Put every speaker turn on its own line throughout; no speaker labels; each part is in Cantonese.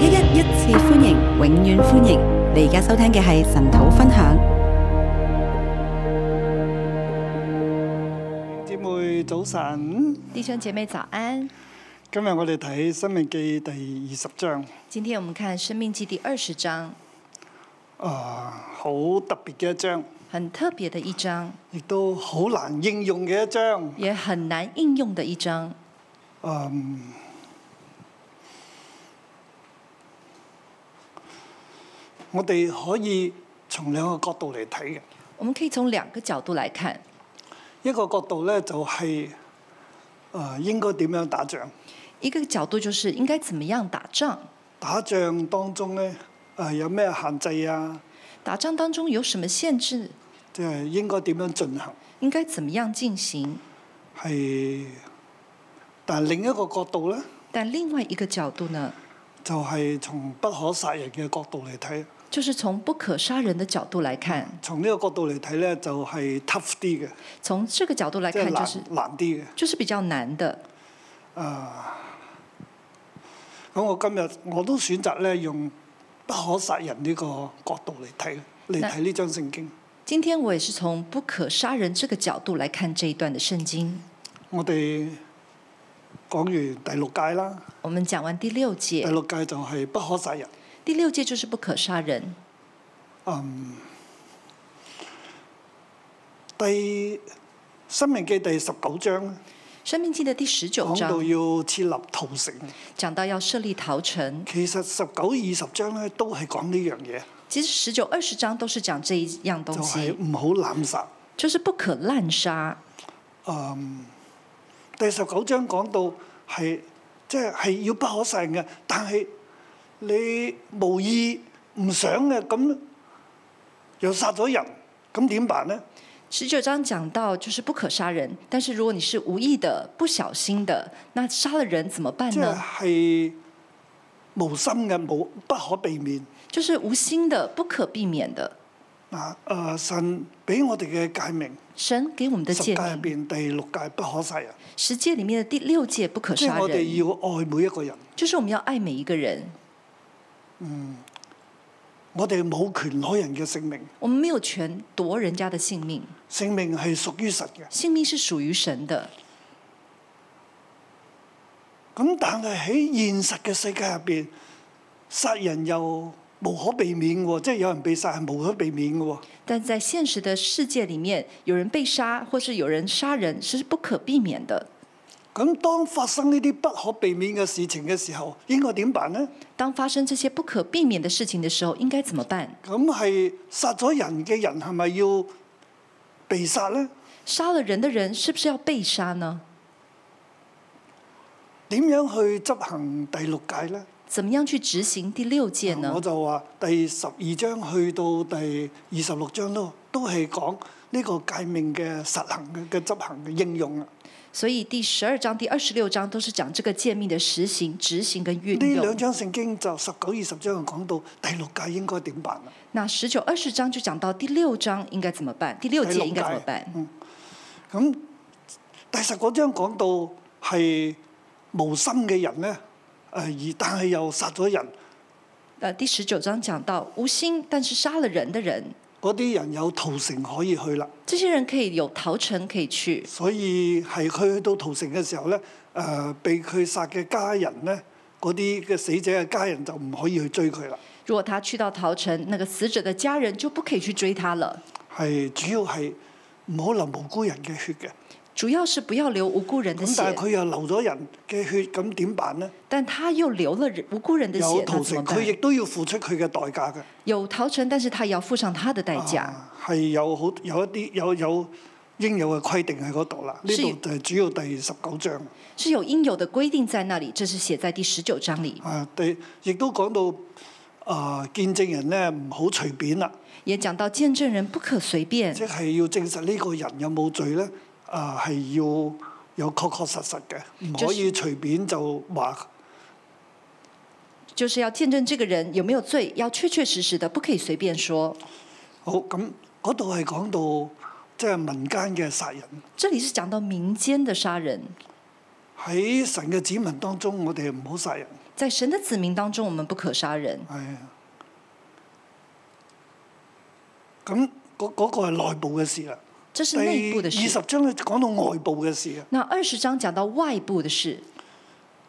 一一一次歡迎，永遠歡迎！你而家收聽嘅係神土分享。
姐妹早晨，弟兄姐妹早安。今日我哋睇《申命記》第二十章。今天我們看《申命記》第二十章。啊，好特別嘅一章，很特別嘅一章，亦都好難應用嘅一章，也很難應用嘅一章。嗯、啊。我哋可以從兩個角度嚟睇嘅。我們可以從兩個角度來看。一個角度咧，就係啊，應該點樣打仗？一個角度就是應該怎麼樣打仗？打仗當中咧，啊有咩限制啊？打仗當中有什麼限制？即係應該點樣進行？應該怎麼樣進行？係，但另一個角度咧？但另外一個角度呢？就係從不可殺人嘅角度嚟睇。就是從不可殺人的角度來看，從呢個角度嚟睇咧，就係 tough 啲嘅。從這個角度來看，就係難啲嘅，就是比較難的。啊，咁我今日我都選擇咧用不可殺人呢個角度嚟睇，嚟睇呢張聖經。今天我也是從不可殺人這個角度來看這一段的聖經。我哋講完第六誡啦。我們講完第六誡。第六誡就係不可殺人。第六戒就是不可殺人。嗯，第《生命記》第十九章，《生命記》的第十九章講到要設立逃城，嗯，講到要設立逃城。其實十九、二十章咧都係講呢樣嘢。其實十九、二十章都係講呢一樣東西，唔好濫殺，就是不可濫殺。嗯，第十九章講到係即係要不可殺人嘅，但係。你無意唔想嘅，咁，又殺咗人，咁點辦呢？十九章講到就是不可殺人，但是如果你是無意的，不小心的，那殺了人怎麼辦呢？係，就是，無心嘅，無不可避免。就是無心的，不可避免的。啊，誒，神俾我哋嘅戒命，神給我們的戒命，第六戒不可殺人。十戒裏面嘅第六戒不可殺人。我哋要愛每一個人。就是我們要愛每一個人。嗯，我哋冇權攞人嘅性命。我們沒有權奪人家的性命。性命係屬於神嘅。性命是屬於神的。咁但係喺現實嘅世界入邊，殺人又無可避免嘅，即係有人被殺係無可避免嘅。但在現實的世界裏面，有人被殺，或者有人殺人，是不可避免的。咁當發生呢啲不可避免嘅事情嘅時候，應該點辦呢？當發生這些不可避免嘅事情嘅時候，應該怎麼辦？咁係殺咗人嘅人係咪要被殺呢？殺了人嘅人是不是要被殺呢？點樣去執行第六誡呢？怎麼樣去執行第六誡呢，六誡呢、啊？我就話第十二章去到第二十六章咯，都係講呢個誡命嘅實行嘅嘅執行嘅應用啊。所以第十二章、第二十六章都是講這個誡命的實行、執行跟運用。呢兩章聖經就十九、二十章又講到第六誡應該點辦啦。那十九、二十章就講到第六章應該怎麼辦？第六誡應該怎麼辦？嗯，咁第十九章講到係無心嘅人呢，誒、呃，而但係又殺咗人。第十九章講到無心，但是殺了人的人。.嗰啲人有逃城可以去啦，這些人可以有逃城可以去。所以係去到逃城嘅時候咧，誒、呃、被佢殺嘅家人咧，嗰啲嘅死者嘅家人就唔可以去追佢啦。如果他去到逃城，那個死者的家人就不可以去追他了。係、那個、主要係唔好流無辜人嘅血嘅。主要是不要流無辜人嘅血。但係佢又流咗人嘅血，咁點辦呢？但他又流了無辜人嘅血，有逃城，佢亦都要付出佢嘅代價嘅。有逃城，但是他要付上他嘅代價。係、啊、有好有一啲有有應有嘅規定喺嗰度啦。呢度就係主要第十九章。是有應有嘅規定在那裡，這是寫在第十九章裡。啊，對亦都講到啊、呃，見證人呢唔好隨便啦。也講到見證人不可隨便，即係要證實呢個人有冇罪咧。啊，係要有確確實實嘅，唔可以隨便就話、就是。就是要見證這個人有沒有罪，要確確實實的，不可以隨便說。好，咁嗰度係講到即係、就是、民間嘅殺人。這裏是講到民間嘅殺人。喺神嘅子民當中，我哋唔好殺人。在神的子民當中，我們不可殺人。係啊。咁嗰、嗰個係內部嘅事啦。第二十章講到外部嘅事。那二十章講到外部的事，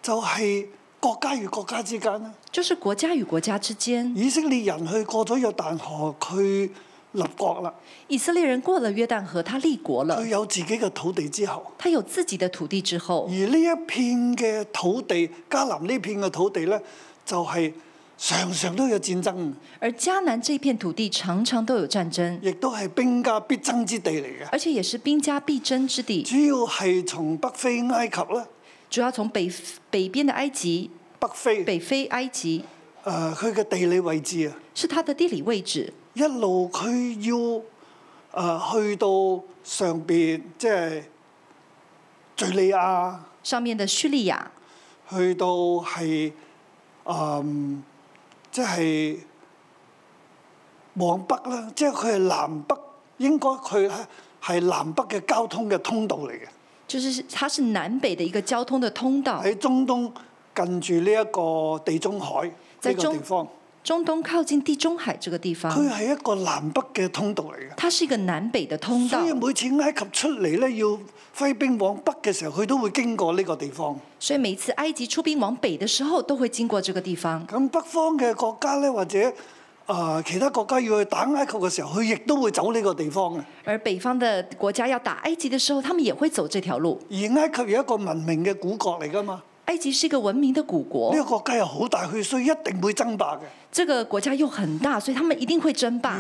就係國家與國家之間，就是國家與國家之間，就是、家家之間，以色列人去過咗約旦河，佢立國啦。以色列人過了約旦河，他立國了。佢有自己嘅土地之後，他有自己的土地之後，而呢一片嘅土地，加南呢片嘅土地呢，就係、是。常常都有戰爭，而迦南這片土地常常都有戰爭，亦都係兵家必爭之地嚟嘅。而且也是兵家必爭之地。主要係從北非埃及啦，主要從北北邊的埃及北非，北非埃及。誒、呃，佢嘅地理位置啊，是它的地理位置。一路佢要誒、呃、去到上邊，即係敍利亞，上面的敘利亞，去到係誒。呃即係往北啦，即係佢係南北，應該佢係南北嘅交通嘅通道嚟嘅。就是它、就是、是南北嘅一個交通嘅通道。喺中東近住呢一個地中海呢、呢個地方。中東靠近地中海這個地方，佢係一個南北嘅通道嚟嘅。它是一個南北的通道。所以每次埃及出嚟咧，要揮兵往北嘅時候，佢都會經過呢個地方。所以每次埃及出兵往北的時候，都會經過這個地方。咁北方嘅國家咧，或者、呃、其他國家要去打埃及嘅時候，佢亦都會走呢個地方。而北方的國家要打埃及的時候，他們也會走這條路。而埃及有一個文明嘅古國嚟噶嘛。埃及是一個文明的古國，呢個國家又好大，所以一定會爭霸嘅。這個國家又很大，所以他們一定會爭霸。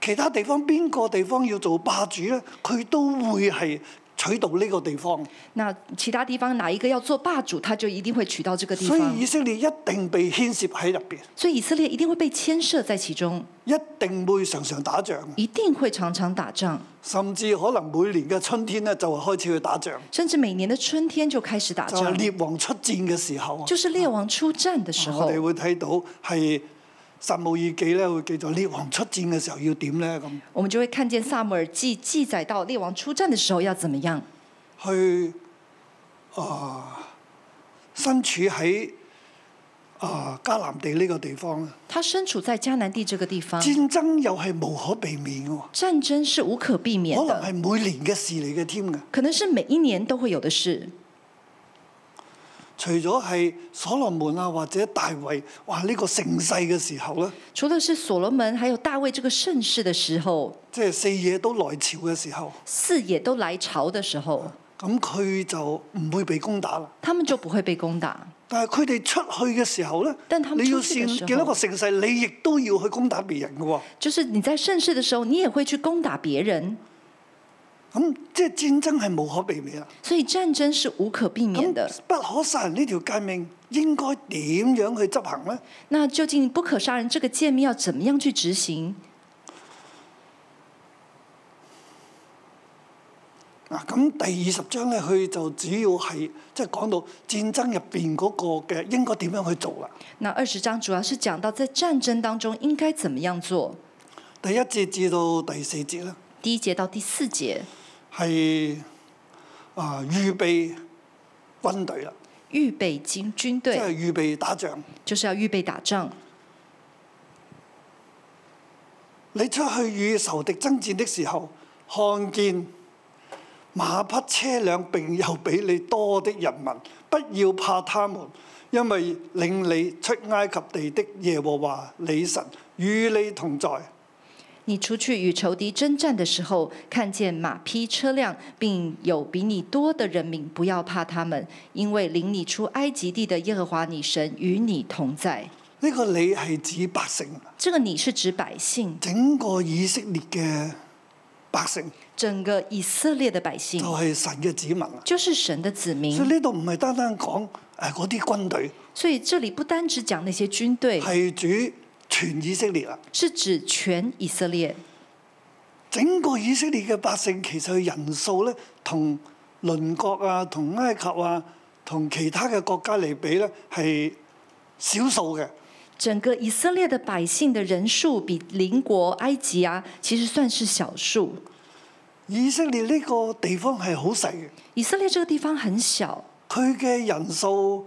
其他地方邊個地方要做霸主呢？佢都會係取到呢個地方，那其他地方哪一個要做霸主，他就一定會取到這個地方。所以以色列一定被牽涉喺入邊。所以以色列一定會被牽涉在其中。一定會常常打仗。一定會常常打仗。甚至可能每年嘅春天呢就會開始去打仗。甚至每年的春天就開始打仗。就係列王出戰嘅時候。就是列王出戰的時候。就是時候嗯、我哋會睇到係。《撒母耳記》咧會記載列王出戰嘅時候要點咧咁。我們就會看見《撒母耳記》記載到列王出戰嘅時候要怎麼樣。去啊、呃，身處喺啊迦南地呢個地方。他身處在迦南地這個地方。戰爭又係無可避免嘅喎。戰爭是無可避免的。可能係每年嘅事嚟嘅添㗎。可能是每一年都會有的事。除咗係所羅門啊，或者大衛，哇！呢、這個盛世嘅時候咧，除咗是所羅門，還有大衛這個盛世嘅時候，即、就、係、是、四野都來朝嘅時候，四野都來朝嘅時候，咁佢就唔會被攻打啦。他們就不會被攻打、啊。但係佢哋出去嘅時候咧，你要善見到個盛世、啊，你亦都要去攻打別人嘅喎、啊。就是你在盛世嘅時候，你也會去攻打別人。咁即係戰爭係無可避免啦。所以戰爭是無可避免嘅，不可殺人呢條誡命應該點樣去執行呢？那究竟不可殺人這個誡命要怎麼樣去執行？啊，咁第二十章咧，佢就主要係即係講到戰爭入邊嗰個嘅應該點樣去做啦。嗱，二十章主要是講到在戰爭當中應該怎麼樣做。第一節至到第四節啦。第一節到第四節。係啊、呃，預備軍隊啦。預備警軍隊。即、就、係、是、預備打仗。就是要預備打仗。你出去與仇敵爭戰的時候，看見馬匹、車輛並有比你多的人民，不要怕他們，因為領你出埃及地的耶和華，你神與你同在。你出去與仇敵征戰的時候，看見馬匹、車輛，並有比你多的人民，不要怕他們，因為領你出埃及地的耶和華，你神與你同在。呢個“你”係指百姓啊。這個“你”是指百姓。這個“你”是指百姓，整個以色列嘅百姓，整個以色列的百姓，就是神嘅子民。就是神的子民。所以，呢度唔係單單講誒嗰啲軍隊。所以，這裏不單止講那些軍隊，係主。全以色列啊，是指全以色列。整個以色列嘅百姓，其實佢人數咧，同鄰國啊、同埃及啊、同其他嘅國家嚟比咧，係少數嘅。整個以色列嘅百姓嘅人數，比鄰國埃及啊，其實算是少數。以色列呢個地方係好細嘅。以色列這個地方很小，佢嘅人數，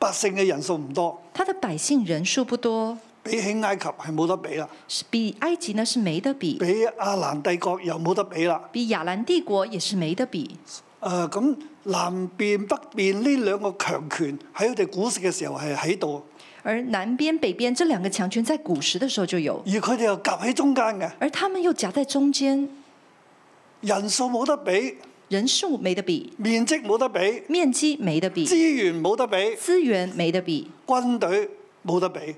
百姓嘅人數唔多。他的百姓人數不多。比起埃及係冇得比啦，比埃及呢是冇得比。比亞蘭帝國又冇得比啦，比亞蘭帝國也是冇得比。誒、呃、咁南邊北邊呢兩個強權喺佢哋古時嘅時候係喺度。而南邊北邊這兩個強權在古時嘅時候就有。而佢哋又夾喺中間嘅。而他們又夾在中間，人數冇得比，人數冇得比，面積冇得比，面積冇得比，資源冇得比，資源冇得比，軍隊，冇得比，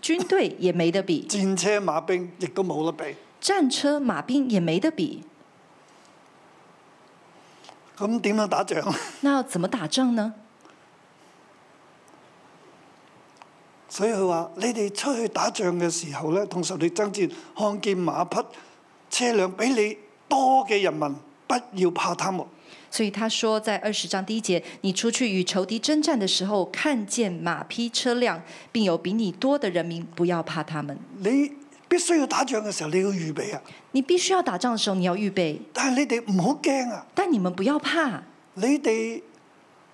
軍軍隊也冇得比，戰車馬兵亦都冇得比，戰車馬兵也冇得比。咁點樣打仗？那要怎麼打仗呢？所以佢話：你哋出去打仗嘅時候咧，同仇敵爭戰，看見馬匹車輛比你多嘅人民，不要怕他們。所以他說，在二十章第一節，你出去與仇敵征戰的時候，看見馬匹車輛，並有比你多的人民，不要怕他們。你必須要打仗嘅時候，你要預備啊！你必須要打仗嘅時候，你要預備。但係你哋唔好驚啊！但你們不要怕啊，你哋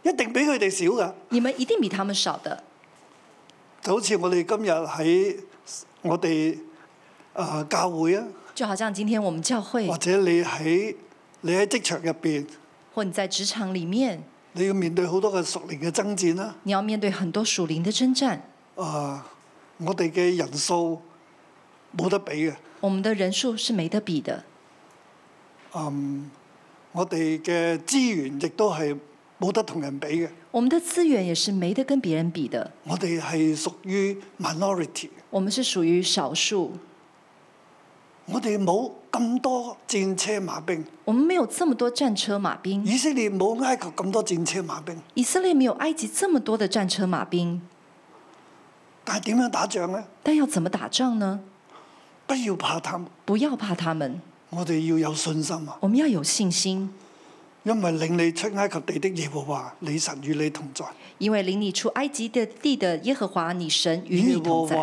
一定比佢哋少噶。你們一定比他們少的。就好似我哋今日喺我哋、呃、教會啊，就好像今天我們教會，或者你喺你喺職場入邊。或你在職場裏面，你要面對好多嘅屬靈嘅爭戰啦。你要面對很多屬靈的爭戰。啊、呃，我哋嘅人數冇得比嘅。我們的人數是沒得比的。嗯、呃，我哋嘅資源亦都係冇得同人比嘅。我們的資源也是沒得跟別人比的。我哋係屬於 minority。我們是屬於少數。我哋冇咁多戰車馬兵。我們沒有這麼多戰車馬兵。以色列冇埃及咁多戰車馬兵。以色列沒有埃及這麼多的戰車馬兵。但係點樣打仗呢？但要怎麼打仗呢？不要怕他們。不要怕他們。我哋要有信心啊。我們要有信心。因為領你出埃及地的耶和華，你神與你同在。因為領你出埃及的地的耶和華，你神與你同在。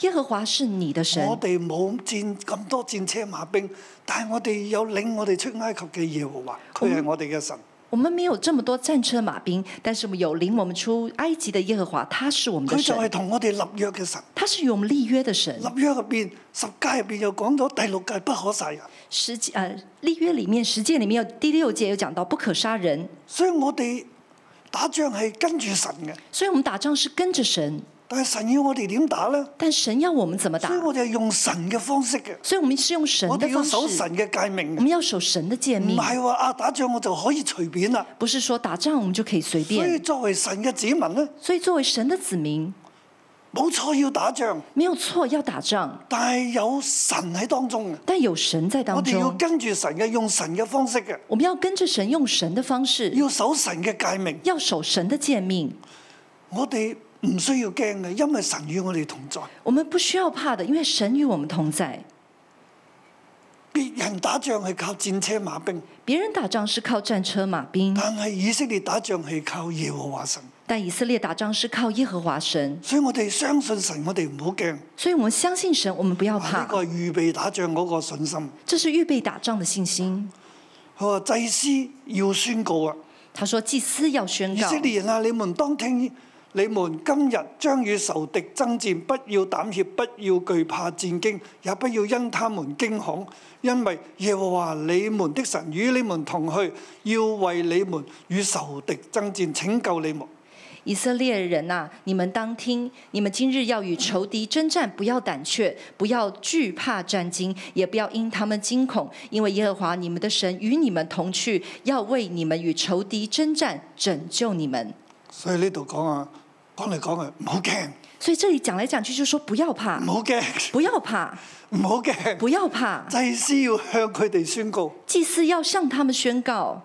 耶和華是你的神。我哋冇戰咁多戰車馬兵，但係我哋有領我哋出埃及嘅耶和華，佢係我哋嘅神我。我們沒有這麼多戰車馬兵，但是有領我們出埃及嘅耶和華，他是我們的神。佢就係同我哋立約嘅神。他是與我們立約的神。立約入邊，十誡入邊又講咗第六誡不可殺人。十誡啊立約裏面十誡裏面有第六誡有講到不可殺人。所以我哋打仗係跟住神嘅。所以我們打仗是跟着神，神。但是神要我哋點打咧？但神要我們怎麼打？所以我哋係用神嘅方式嘅。所以，我們是用神嘅方式。我哋要守神嘅誡命。我們要守神的誡命。唔係話啊，打仗我就可以隨便啦。不是說打仗我們就可以隨便。所以作為神嘅子民咧。所以作為神嘅子民，冇錯要打仗，沒有錯要打仗，但係有神喺當中嘅。但有神在當中，我哋要跟住神嘅，用神嘅方式嘅。我們要跟住神用神嘅方式，要守神嘅誡命，要守神嘅誡命。我哋。唔需要驚嘅，因為神與我哋同在。我們不需要怕的，因為神與我們同在。別人打仗係靠戰車馬兵，別人打仗是靠戰車馬兵。但係以色列打仗係靠耶和華神。但以色列打仗是靠耶和華神。所以我哋相信神，我哋唔好驚。所以我們相信神，我們不要怕。呢個預備打仗嗰個信心。這是預備打仗的信心。佢話祭司要宣告啊，他說祭司要宣告，以色列人啊，你們當聽。你們今日將與仇敵爭戰，不要膽怯，不要懼怕戰驚，也不要因他們驚恐，因為耶和華你們的神與你們同去，要為你們與仇敵爭戰，拯救你們。以色列人啊，你們當聽，你們今日要與仇敵爭戰，不要膽怯，不要懼怕戰驚，也不要因他們驚恐，因為耶和華你們的神與你們同去，要為你們與仇敵爭戰，拯救你們。所以呢度講啊。講嚟講去，唔好驚。所以這裏講嚟講去，就說不要怕，唔好驚，不要怕，唔好驚，不要怕。祭司要向佢哋宣告，祭司要向他們宣告，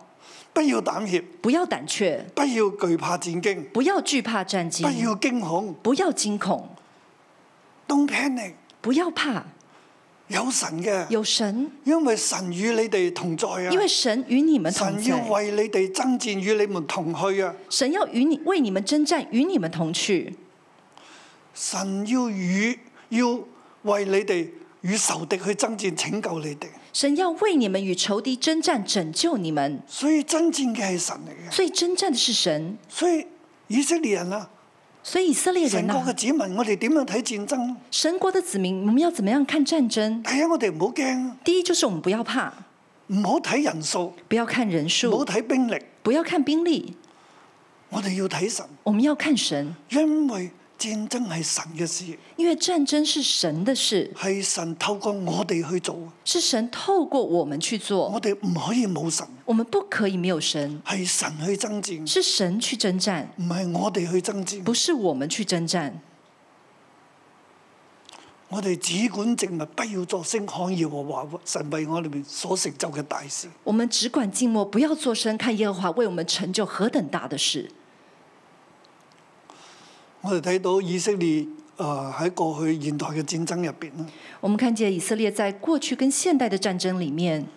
不要膽怯，不要膽怯，不要懼怕戰驚，不要懼怕戰驚，不要驚恐，不要驚恐，不要驚恐，Don't panic，不要怕。有神嘅，有神，因為神與你哋同在啊！因為神與你們同在。神要為你哋征戰，與你們同去啊！神要與你為你們征戰，與你們同去。神要與要為你哋與仇敵去征戰，拯救你哋。神要為你們與仇敵征戰，拯救你們。所以征戰嘅係神嚟嘅，所以征戰的是神。所以以色列人啊！所以以色列人啊，神國嘅子民，我哋點樣睇戰爭？神國嘅子民，我們要怎麼樣看戰爭？哎呀啊，我哋唔好驚。第一就是我們不要怕，唔好睇人數，不要看人數，唔好睇兵力，不要看兵力。我哋要睇神，我們要看神，因為。戰爭係神嘅事，因為戰爭是神嘅事，係神透過我哋去做，是神透過我們去做。我哋唔可以冇神，我們不可以沒有神。係神去爭戰，是神去爭戰，唔係我哋去爭戰，不是我們去爭戰。我哋只管靜默，不要作聲，看耶和華神為我哋所成就嘅大事。我們只管靜默，不要作聲，看耶和華為我們成就何等大的事。我哋睇到以色列啊，喺過去現代嘅戰爭入邊，我們看見以色列在過去跟現代的戰爭裡面，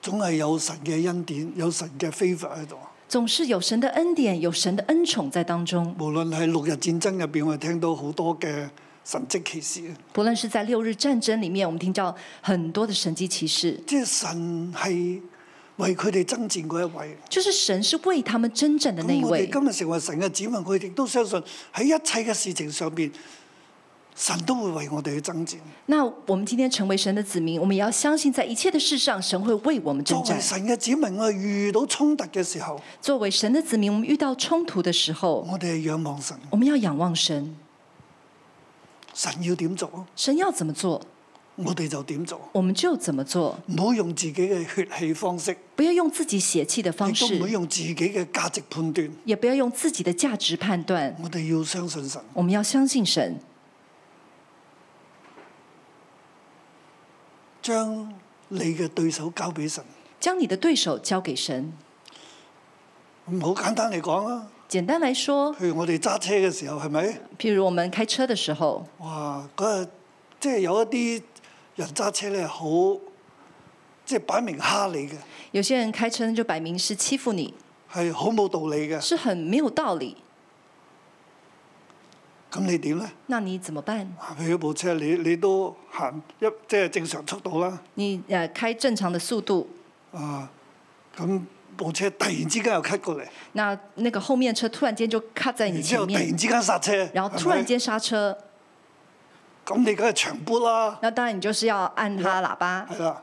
總係有神嘅恩典，有神嘅憐憫，喺度。總是有神的恩典，有神的恩寵在當中。無論係六日戰爭入邊，我哋聽到好多嘅神跡奇事。無論是在六日戰爭裡面，我們聽到很多的神跡奇事。即係神係為佢哋征戰嗰一位，就是神是為他們征戰的那一位。今日成為神嘅子民，佢哋都相信喺一切嘅事情上邊，神都會為我哋去征戰。那我們今天成為神嘅子，子民，我們也要相信在一切嘅事上，神會為我們征戰。作為神嘅子民，我哋遇到衝突嘅時候，作為神嘅子民，我們遇到衝突嘅時，時候，我哋仰望神。我們要仰望神，神要點做？神要怎麼做？我哋就點做？我們就怎麼做？唔好用自己嘅血氣方式。不要用自己血氣的方式。唔好用自己嘅價值判斷。也不要用自己的價值判斷。我哋要相信神。我們要相信神。將你嘅對手交俾神。將你的對手交給神。唔好簡單嚟講啊。簡單嚟說，譬如我哋揸車嘅時候，係咪？譬如我們開車嘅時候。哇！嗰日即係有一啲。人揸車咧，好即係擺明蝦你嘅。有些人開車就擺明是欺負你，係好冇道理嘅。是很沒有道理。咁你點咧？那你怎麼辦？譬如部車，你你都行一即係、就是、正常速度啦。你誒開正常的速度。啊，咁部車突然之間又 cut 過嚟。那那個後面車突然之間就 cut 在你前面。突然之間剎車。然後突然間剎車。是咁你梗係長撥啦！那當然你就是要按他喇叭。係啦，啊，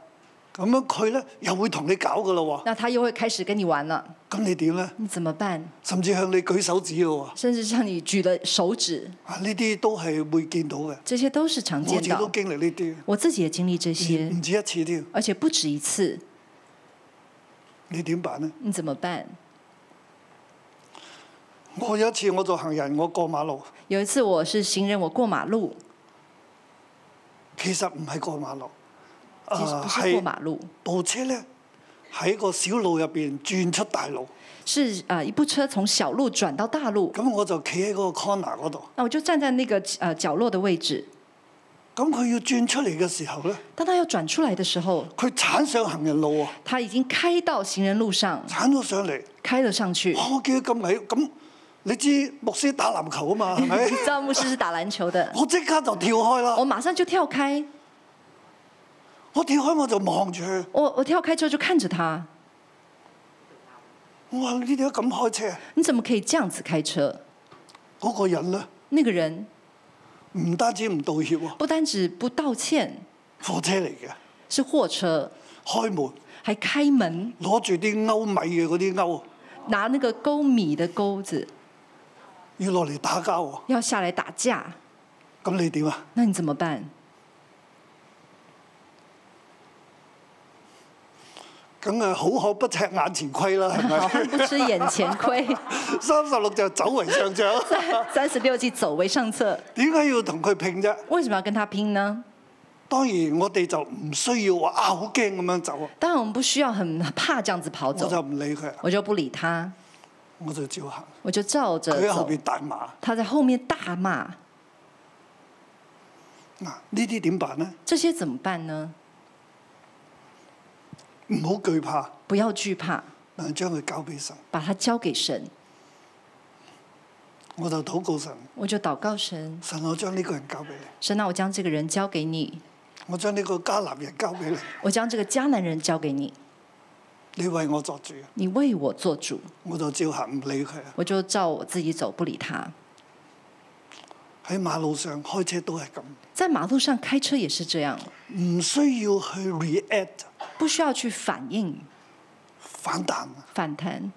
咁啊樣佢咧又會同你搞嘅咯喎。那他又會開始跟你玩啦。咁你點咧？你怎麼辦？甚至向你舉手指喎。甚至向你舉得手指。啊，呢啲都係會見到嘅。這些都是常見到。我自己都經歷呢啲。我自己也經歷這些。唔止一次添。而且不止一次。你點辦呢？你怎麼辦？我有一次我做行人，我過馬路。有一次我是行人，我過馬路。其實唔係過馬路，啊、呃、係過馬路。是一部車咧喺個小路入邊轉出大路。是啊，uh, 一部車從小路轉到大路。咁我就企喺嗰個 corner 嗰度。啊，我就站在那個啊角，角落的位置。咁佢要轉出嚟嘅時候咧？當他要轉出來的時候，佢鏟上行人路啊！他已經開到行人路上。鏟咗上嚟，開咗上去。我、哦、記得咁矮，咁、嗯。你知牧師打籃球啊嘛？知道牧師,打籃球嗎 牧師是打籃球的。 我即刻就跳開啦。我馬上就跳開。我跳開我就望住佢。我我跳開之後就看着他。我哇！你點解噉開車？你怎麼可以這樣子開車？嗰、那個人呢？」那個人唔單止唔道歉、啊。不單止不道歉、啊。貨車嚟嘅。是貨車。開門。係開門。攞住啲鈎米嘅嗰啲鈎。拿那個鈎米嘅鈎子。要落嚟打交喎、哦！要下嚟打架。咁你點啊？那你怎麼辦？梗係，好可不吃眼前虧啦，係咪？好，不吃眼前虧。三十六就走為上將。三十六計，走為上策。點 解要同佢拼啫？為什麼要跟他拼呢？當然，我哋就唔需要話啊，好驚咁樣走。當然，我們不需要很怕這樣子跑走。我就唔理佢。我就不理他。我就照行，我就照着。佢喺後面大罵，他在後面大罵。嗱，呢啲點辦呢？這些怎麼辦呢？唔好懼怕，不要懼怕，將佢交俾神，把他交給神。我就禱告神，我就禱告神。神，我將呢個人交俾你。神，那我將這個人交俾你，啊、個人交俾你。我將呢個，個迦南人交俾你。我將個迦南人交俾你。你為我作主。你為我作主。我就照行唔理佢啊。我就照我自己走，不理他。喺馬路上開車都係咁。在馬路上開車也是這樣。唔需要去 react。不需要去反應。反彈，反彈。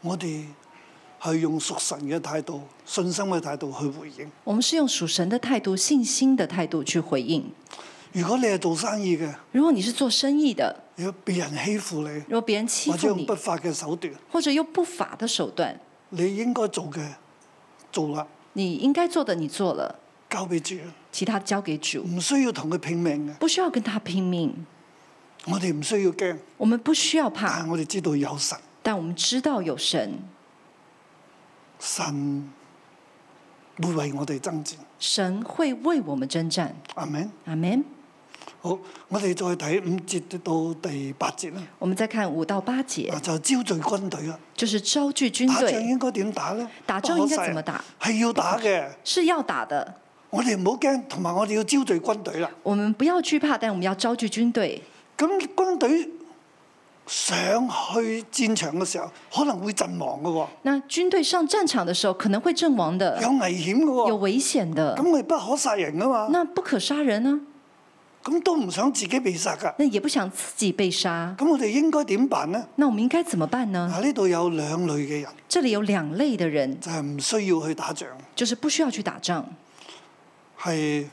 我哋係用屬神嘅態度、信心嘅態度去回應。我們是用屬神嘅態度、信心嘅態度去回應。如果你係做生意嘅，如果你是做生意嘅，如果別人欺負你，如果別人欺負你，或者用不法嘅手段，或者用不法嘅手段，你應該做嘅做啦，你應該做嘅，你做啦，交俾主，其他交給主，唔需要同佢拼命嘅，不需要跟他拼命，我哋唔需要驚，我們不需要怕，我哋知道有神，但我們知道有神，神會為我哋爭戰，神會為我們爭戰，阿門，阿門。好，我哋再睇五節到第八節啦。我哋再看五到八節。就招聚軍隊啊。就是招聚軍隊。打仗應該點打咧？打仗應該怎麼打？係要打嘅。是要打的。我哋唔好驚，同埋我哋要招聚軍隊啦。我們不要懼怕，但係我們要招聚軍隊。咁軍隊上去戰場嘅時候，可能會陣亡嘅喎。那軍隊上戰場嘅時候，可能會陣亡嘅。有危險嘅喎。有危險嘅。咁我哋不可殺人啊嘛。那不可殺人呢。咁都唔想自己被殺噶。那也不想自己被殺。咁我哋應該點辦呢？那我們應該怎麼辦呢？啊，呢度有兩類嘅人。這裏有兩類嘅人，就係、是、唔需要去打仗，就是不需要去打仗，係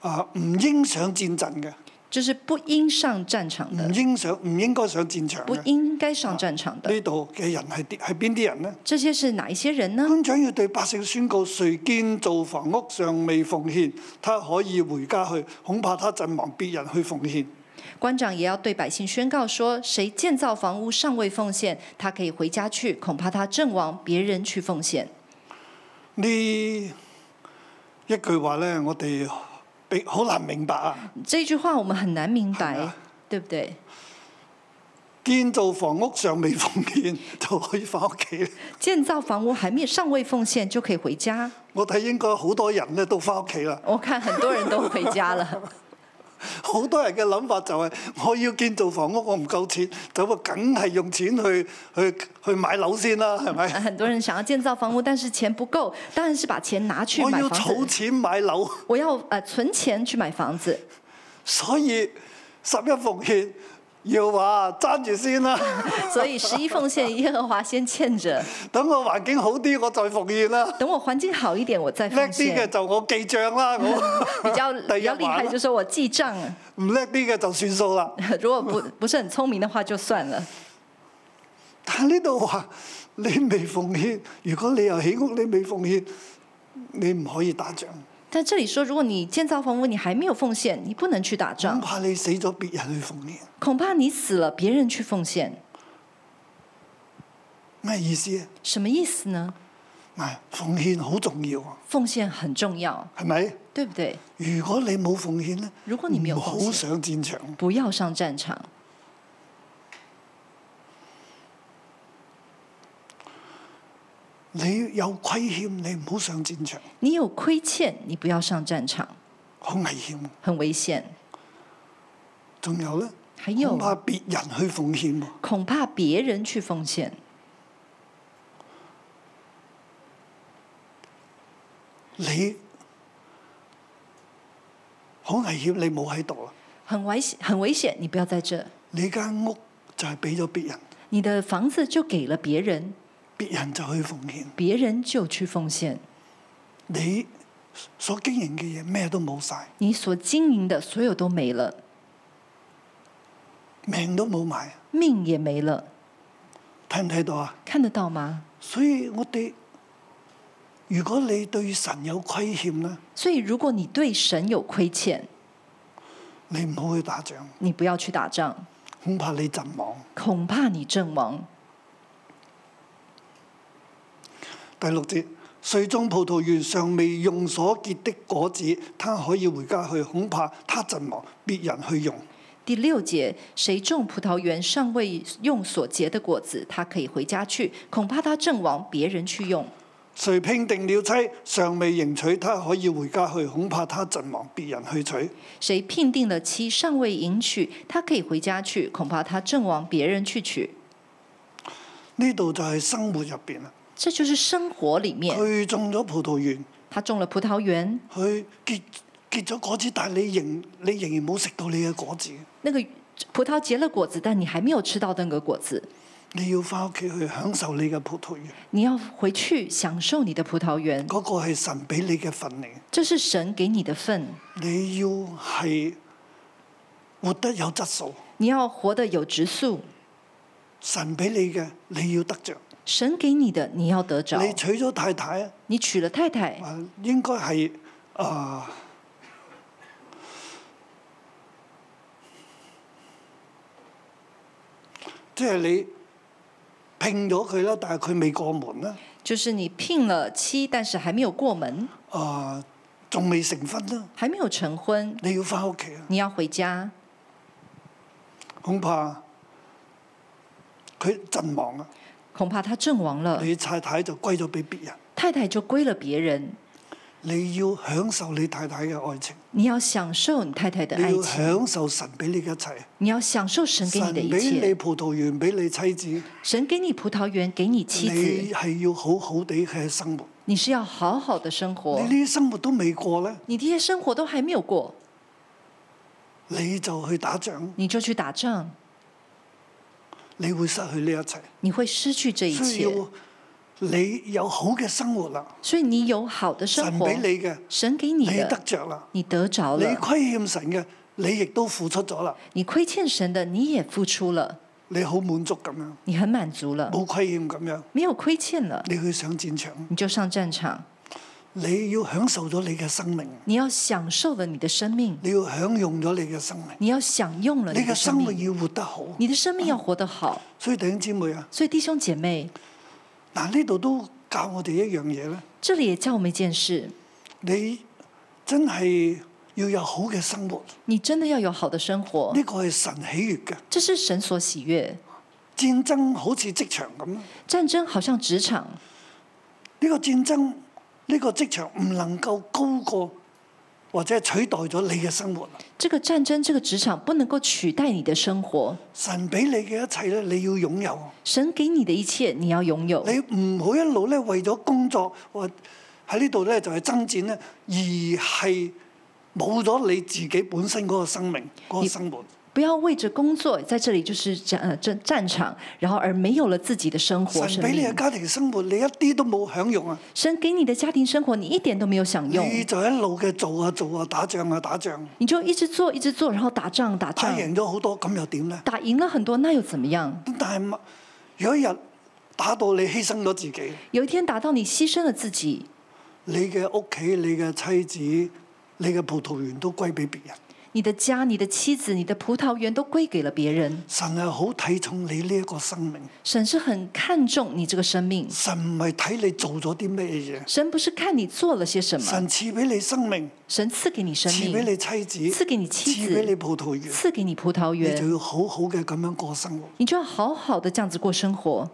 啊，唔應想戰爭嘅。就是不應上戰場的。唔應上，唔應該上戰場。不應該上戰場的。呢度嘅人係啲係邊啲人呢？這些是哪一些人呢？官長要對百姓宣告：誰建造房屋尚未奉獻，他可以回家去；恐怕他陣亡，別人去奉獻。官長也要對百姓宣告說：說誰建造房屋尚未奉獻，他可以回家去；恐怕他陣亡，別人去奉獻。呢一句話呢，我哋。好難明白啊！這句話我們很難明白，啊、對不對？建造房屋尚未奉獻就可以返屋企？建造房屋還未尚未奉獻就可以回家？我睇應該好多人咧都返屋企啦！我看很多人都回家了。 好多人嘅諗法就係，我要建造房屋，我唔夠錢，就梗係用錢去去去買樓先啦，啊，係咪？很多人想要建造房屋，但是錢唔夠，當然是把錢拿去買。我要儲錢買樓。我要誒存錢去買房子。 所以十一奉獻。要話爭住先啦， 所以十一奉獻，耶和華先欠着。等我環境好啲，我再奉獻啦。等我環境好一點，我再奉獻。叻啲嘅就我記賬啦。我 比，較一比較厲害就係我記賬。唔叻啲嘅就算數啦。 如果唔不，不是很聰明的話就算了。但係呢度話你未奉獻，如果你又起屋你未奉獻，你唔可以打仗。但這裏說，如果你建造房屋，你還沒有奉獻，你不能去打仗。恐怕你死咗，別人去奉獻。恐怕你死了，別人去奉獻。咩意思？什麼意思呢？嗱，奉獻好重要啊！奉獻很重要，係咪？對不對？如果你冇奉獻呢？如果你冇奉獻，唔好上戰場，不要上戰場。你有虧欠，你唔好上戰場。你有虧欠，你不要上戰場。好危險。很危險。仲有咧？還有。恐怕別人去奉獻。恐怕別人去奉獻。你好危險，你冇喺度啦。很危險，很危險，你不要在這。你間屋就係俾咗別人。你的房子就給了別人。別人就去奉獻，別人就去奉獻，你所經營嘅嘢咩都冇晒，你所經營嘅所有都沒了，命都冇埋，命也沒了，睇唔睇到啊？看得到嗎？所以我哋，如果你對神有虧欠咧，所以如果你對神有虧欠，你唔好去打仗，你不要去打仗，恐怕你陣亡，恐怕你陣亡。第六節，誰種葡萄園尚未用所結的果子，他可以回家去，恐怕他陣亡，別人去用。第六節，誰種葡萄園尚未用所結的果子，他可以回家去，恐怕他陣亡，別人去用。誰聘定了妻尚未迎娶，他取娶可以回家去，恐怕他陣亡，別人去取。誰聘定了妻尚未迎娶，他可以回家去，恐怕他陣亡，別人去取。呢度就係生活入邊啦。這就是生活裏面。佢種咗葡萄園，他種了葡萄園。佢結結咗果子，但係你仍你仍然冇食到你嘅果子。那個葡萄結了果子，但你還沒有吃到那個果子。你要翻屋企去享受你嘅葡萄園。你要回去享受你的葡萄園。嗰、那個係神俾你嘅份嚟。這是神給你嘅份。你要係活得有質素。你要活得有質素。神俾你嘅，你要得着。神給你的，你要得着。你娶咗太太？你娶了太太。啊，應該係啊，即係你聘咗佢啦，但係佢未過門啦。就是你聘了、就是、了妻，但是還沒有過門。啊，仲未成婚啦？還沒有成婚。你要返屋企啊？你要回家。恐怕佢陣亡啊！恐怕他陣亡了，你太太就歸咗俾別人，太太就歸了別人。你要享受你太太嘅愛情，你要享受你太太嘅愛情，你要享受神俾你嘅一切，你要享受神給你嘅一切。俾你葡萄園俾你妻子，神給你葡萄園，給你妻子，你係要好好哋嘅生活，你是要好好的生活，你呢啲生活都未過咧，你呢啲生活都還沒有過，你就去打仗，你就去打仗。你會失去呢一切，你會失去這一切。你有好嘅生活啦，所以你有好的生活。神俾你嘅，神俾你嘅，你得着啦，你得着了。你虧欠神嘅，你亦都付出咗啦。你虧欠神嘅，你也付出了。你好滿足咁樣，你很滿足了，冇虧欠咁樣，沒有虧欠了。你去上戰場，你就上戰場。你要享受咗你嘅生命，你要享受了你的生命，你要享用咗你嘅生命，你要享用了你嘅生命，你要，你生命你生命要活得好，你的生命要活得好。所以弟兄姊妹啊，所以弟兄姐妹，嗱呢度都教我哋一樣嘢咧。這裏也教我哋一件事，你真係要有好嘅生活，你真係要有好嘅生活，呢個係神喜悅嘅，這是神所喜悅。戰爭好似職場咁咯，戰爭好像職場，呢、這個戰爭。呢、這個職場唔能夠高過或者取代咗你嘅生活。這個戰爭、這個職場不能夠取代你的生活。神俾你嘅一切咧，你要擁有。神給你的一切，你要擁有，你你要擁有你不要。你唔好一路咧為咗工作或喺呢度咧就係、是、增戰咧，而係冇咗你自己本身嗰個生命、嗰、那個、生活。不要為着工作，在這裏就是戰戰場，然後而沒有了自己的生活。神俾你嘅家庭生活，你一啲都冇享用啊！神給你的家庭生活，你一點都沒有享用。你就一路嘅做啊做啊，打仗啊打仗。你就一直做一直做，然後打仗啊，打仗。打贏咗好多，咁又點呢？打贏了很多，那又怎麼樣？但係，有一日打到你犧牲咗自己，有一天打到你犧牲了自己，你嘅屋企、你嘅妻子、你嘅葡萄園都歸俾別人。你的家、你的妻子、你的葡萄園都歸給了別人。神係好睇重你呢一個生命。神是很看重你這個生命。神唔係睇你做咗啲咩嘢。神不是看你做了些什麼。神賜俾你生命。神賜給你生命。賜俾你妻子。賜給你妻子。賜俾你葡萄園。賜給你葡萄園。你就要好好嘅咁樣過生活。你就要好好的這樣子過生活。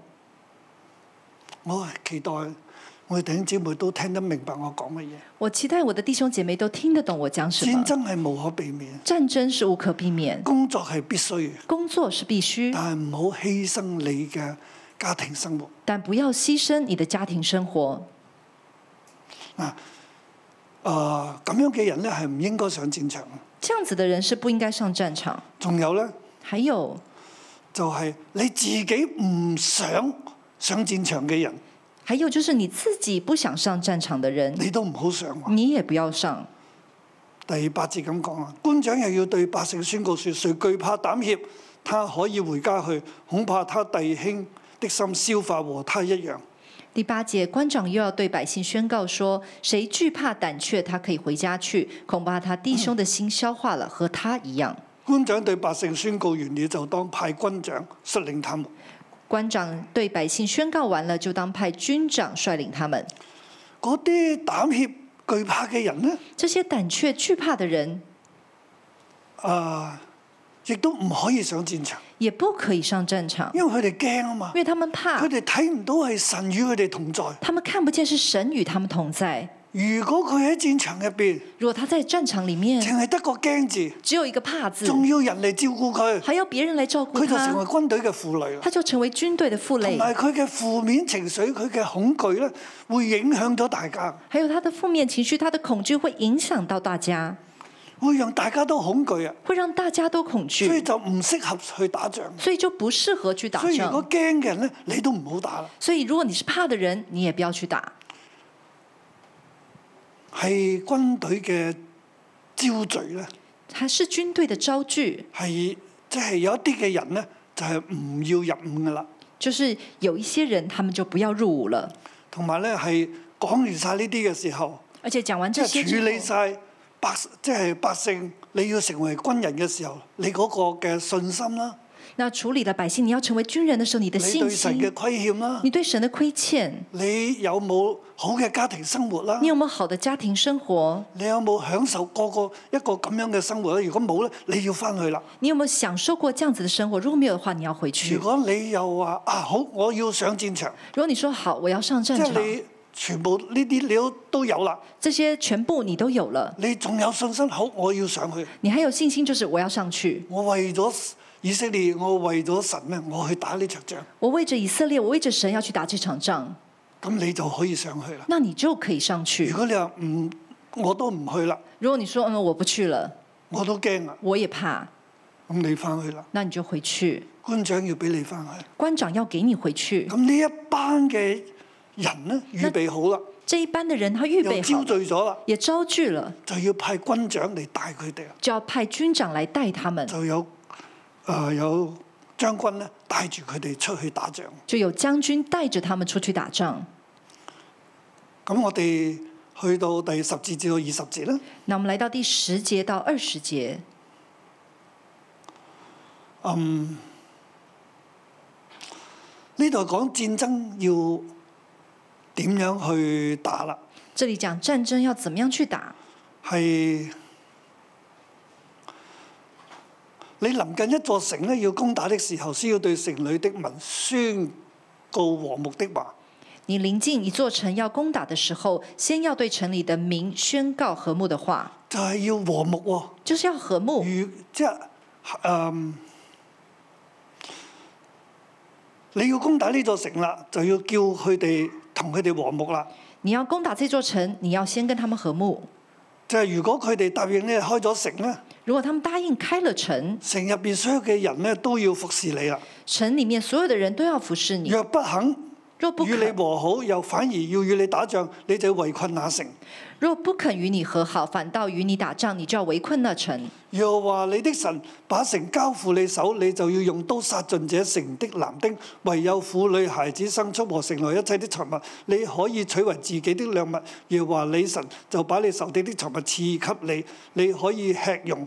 我期待。我哋弟兄姊妹都聽得明白我講乜嘢。我期待我的弟兄姐妹都聽得懂我講什麼。戰爭係無可避免。戰爭是無可避免。工作係必須。工作是必須。但係唔好犧牲你嘅家庭生活。但不要犧牲你的家庭生活。嗱，誒，咁樣嘅人咧係唔應該上戰場。這樣子的人是不應該上戰場。仲有咧？還有，就係你自己唔想上戰場嘅人。還有就是你自己不想上戰場的人，你都唔好上啊。你也不要上。第八節咁講啊，官長又要對百姓宣告說：誰懼怕膽怯，他可以回家去；恐怕他弟兄的心消化和他一樣。第八節，官長又要對百姓宣告說：誰懼怕膽怯，他可以回家去；恐怕他弟兄的心消化了和他一樣。官長對百姓宣告完，你就當派軍長率領他們。官長對百姓宣告完了，就當派軍長率領他們。嗰啲膽怯懼怕嘅人呢？這些膽怯懼怕的人，啊，亦都唔可以上戰場，也不可以上戰場，因為佢哋驚啊嘛，因為他們怕，佢哋睇唔到係神與佢哋同在，他們看不見是神與他們同在。如果佢喺戰場入邊，如果他在戰場裏面，淨係得個驚字，只有一個怕字，仲要人嚟照顧佢，還要別人嚟照顧佢，就成為軍隊嘅負累啦。他就成為軍隊嘅負累。同埋佢嘅負面情緒，佢嘅恐懼咧，會影響到大家。還有他的負面情緒，他的恐懼會影響到大家，會讓大家都恐懼啊！會讓大家都恐懼，所以就唔適合去打仗。所以就不適合去打仗。所以如果驚嘅人咧，你都唔好打啦。所以如果你是怕的人，你也不要去打。係軍隊嘅招聚咧，係軍隊嘅招聚，係即係有一啲嘅人咧，就係唔要入伍㗎喇。就是有一些人，就是就是，些人他們就不要入伍了。同埋咧，係講完晒呢啲嘅時候，而且講完這些之後，就是，處理晒百即係百姓，你要成為軍人嘅時候，你嗰個嘅信心啦。那處理了百姓，你要成為軍人的時候，你的信心，你對神的虧欠啦，你對神的虧欠，你有冇好嘅家庭生活啦？你有冇好的家庭生活？你有冇享受過個個一個咁樣嘅生活咧？如果冇咧，你要翻去啦。你有冇享受過這樣子的生活？如果沒有嘅話，你要回去。如果你又話啊好，我要上戰場。如果你說好，我要上戰場，即係你全部呢啲你都有啦。這些全部你都有了。你仲有信心？好，我要上去。你還有信心？就是我要上去。我為咗。以色列，我為咗神咧，我去打呢場仗。我為着以色列，我為着神要去打這場仗。咁你就可以上去啦。那你就可以上去。如果你話唔、嗯，我都唔去啦。如果你說，嗯，我不去了，我都驚啊。我也怕。咁你翻去啦。那你就回去。官長要俾你翻去。官長要給你回去。咁呢一班嘅人呢，預備好啦。這一班嘅人，他預備好，招聚咗啦，也招聚了，就要派軍長嚟帶佢哋。就要派軍長嚟帶他們。就有。啊，有將軍咧帶住佢哋出去打仗，就有將軍帶着他們出去打仗。咁我哋去到第十節至到二十節啦。那我們來到第十節到二十節。嗯，呢度講戰爭要點樣去打啦？這裏講戰爭要怎麼樣去打？係。你臨近一座城咧，要攻打的時候，先要對城裏的民宣告和睦的話。你臨近一座城要攻打的時候，先要對城裏的民宣告和睦的話。就係、是、要和睦、哦。就是要和睦。如即係誒、嗯，你要攻打呢座城啦，就要叫佢哋同佢哋和睦啦。你要攻打這座城，你要先跟他們和睦。就係、是、如果佢哋答應你開咗城咧。如果他們答應開了城，城入邊所有嘅人咧都要服侍你啦。城裏面所有的人都要服侍你。若不肯。若不與你和好，又反而要與你打仗，你就要圍困那城。若不肯與你和好，反倒與你打仗，你就要圍困那城。若話你的神把城交付你手，你就要用刀殺盡這城的男丁，唯有婦女、孩子、牲畜和城內一切的財物，你可以取為自己的兩物。若話你神就把你受敵的財物賜給你，你可以吃用。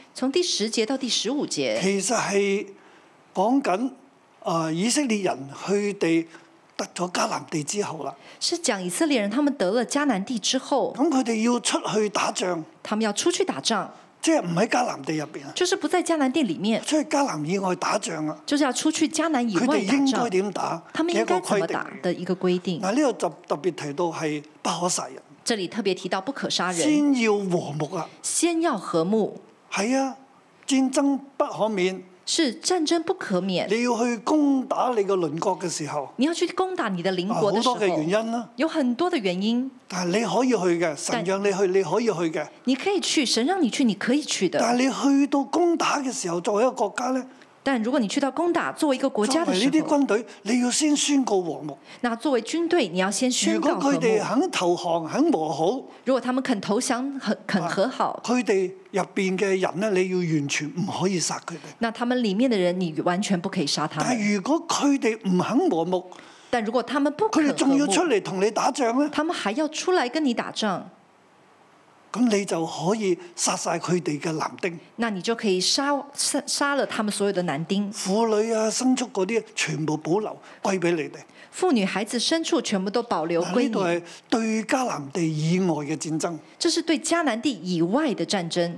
從第十節到第十五節，其實係講緊以色列人佢哋得咗迦南地之後啦。是講以色列人，他們得了迦南地之後，咁佢哋要出去打仗。他們要出去打仗，即係唔喺迦南地入邊啊。就是不在迦南地裡面，出去迦南以外打仗啊。就是要出去迦南以外打仗。佢哋應該點打？他們應該點打？的一個規定。嗱、這、呢個就特別提到係不可殺人。這裏特別提到不可殺人，先要和睦啊，先要和睦。係啊，戰爭不可免。是戰爭不可免。你要去攻打你個鄰國嘅時候，你要去攻打你的鄰國嘅時候。好多嘅原因啦、啊。有很多嘅原因。但係你可以去嘅，神讓你去，你可以去嘅。你可以去，神讓你去，你可以去的。但係你去到攻打嘅時候，作為一個國家咧。但如果你去到攻打作為一個國家的時候，作為呢啲軍隊，你要先宣告和睦。那作為軍隊，你要先宣告和睦，如果佢哋肯投降，肯和好，如果他們肯投降，肯肯和好，佢哋入邊嘅人呢，你要完全唔可以殺佢哋。那他們裏面嘅人，人，你完全不可以殺他們。但如果佢哋唔肯和睦，但如果他們不肯，佢哋仲要出嚟同你打仗呢，他們還要出來跟你打仗。咁你就可以殺晒佢哋嘅男丁。那你就可以殺殺，殺了他們所有的男丁。婦女啊，牲畜嗰啲全部保留，歸俾你哋。婦女孩子牲畜全部都保留歸。呢度係對迦南地以外嘅戰爭。這是對迦南地以外嘅戰爭。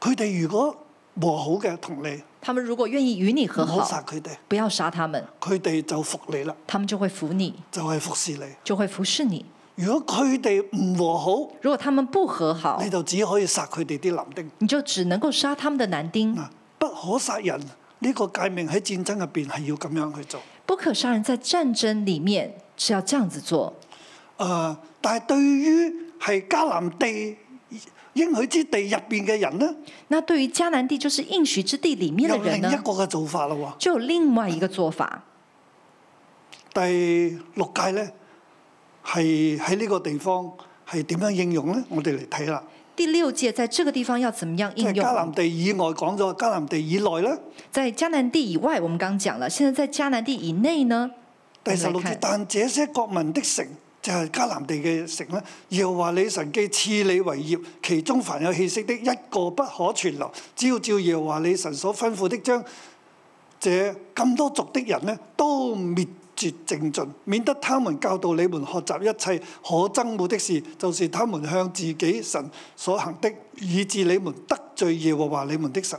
佢哋如果和好嘅同你，他們如果願意與你和好，唔殺佢哋，不要殺他們，佢哋就服你啦。他們就會服你，就係服侍你，就會服侍你。如果佢哋唔和好，如果他們不和好，你就只可以殺佢哋啲男丁，你就只能夠殺他們的男丁。不可殺人，呢、這個誡命喺戰爭入邊係要咁樣去做。不可殺人在戰爭裏面是要這樣子做。呃、但係對於係迦南地應許之地入邊嘅人呢，那對於迦南地就是應許之地裏面嘅人呢，有另一個嘅做法啦，就有另外一個做法。呃、第六戒呢。係喺呢個地方係點樣應用呢？我哋嚟睇啦。第六節，在這個地方要怎麼樣應用？即係迦南地以外講咗，迦南地以內咧。在迦南地以外，我們剛講了。現在在迦南地以內呢？第十六節，但這些國民的城，就係迦南地嘅城呢，耶和華你神既賜你為業，其中凡有氣息的，一個不可存留。只要照耶和華你神所吩咐的，將這咁多族的人呢都滅絕正盡，免得他們教導你們學習一切可憎惡的事，就是他們向自己神所行的，以致你們得罪耶和華你們的神。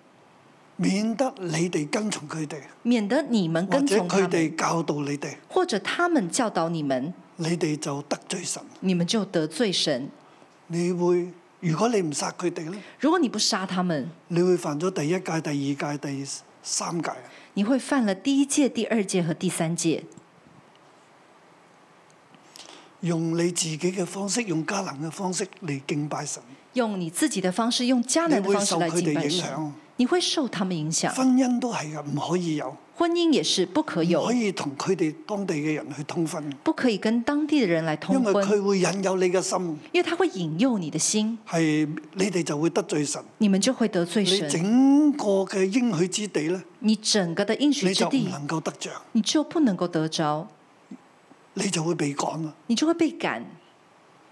免得你哋跟從佢哋，免得你們跟從他們，或者佢哋教導你哋，或者他們教導你們，你哋就得罪神，你們就得罪神。你會如果你唔殺佢哋咧，如果你不殺他們，你會犯咗第一屆、第二屆、第三屆，你會犯了第一屆、第二屆和第三屆。用你自己嘅方式，用迦南嘅方式嚟敬拜神，用你自己的方式，用迦南的方式嚟敬拜神。你會受他們影響，婚姻都係呀，唔可以有。婚姻也是不可有。可以同佢哋當地嘅人去通婚，不可以跟當地嘅人來通婚。因為佢會引誘你嘅心，因為佢會引誘你嘅心。係你哋就會得罪神，你們就會得罪神。整個嘅應許之地咧，你整個嘅應許之地就唔能夠得着，你就不能夠得着，你就會被趕啊，你就會被趕，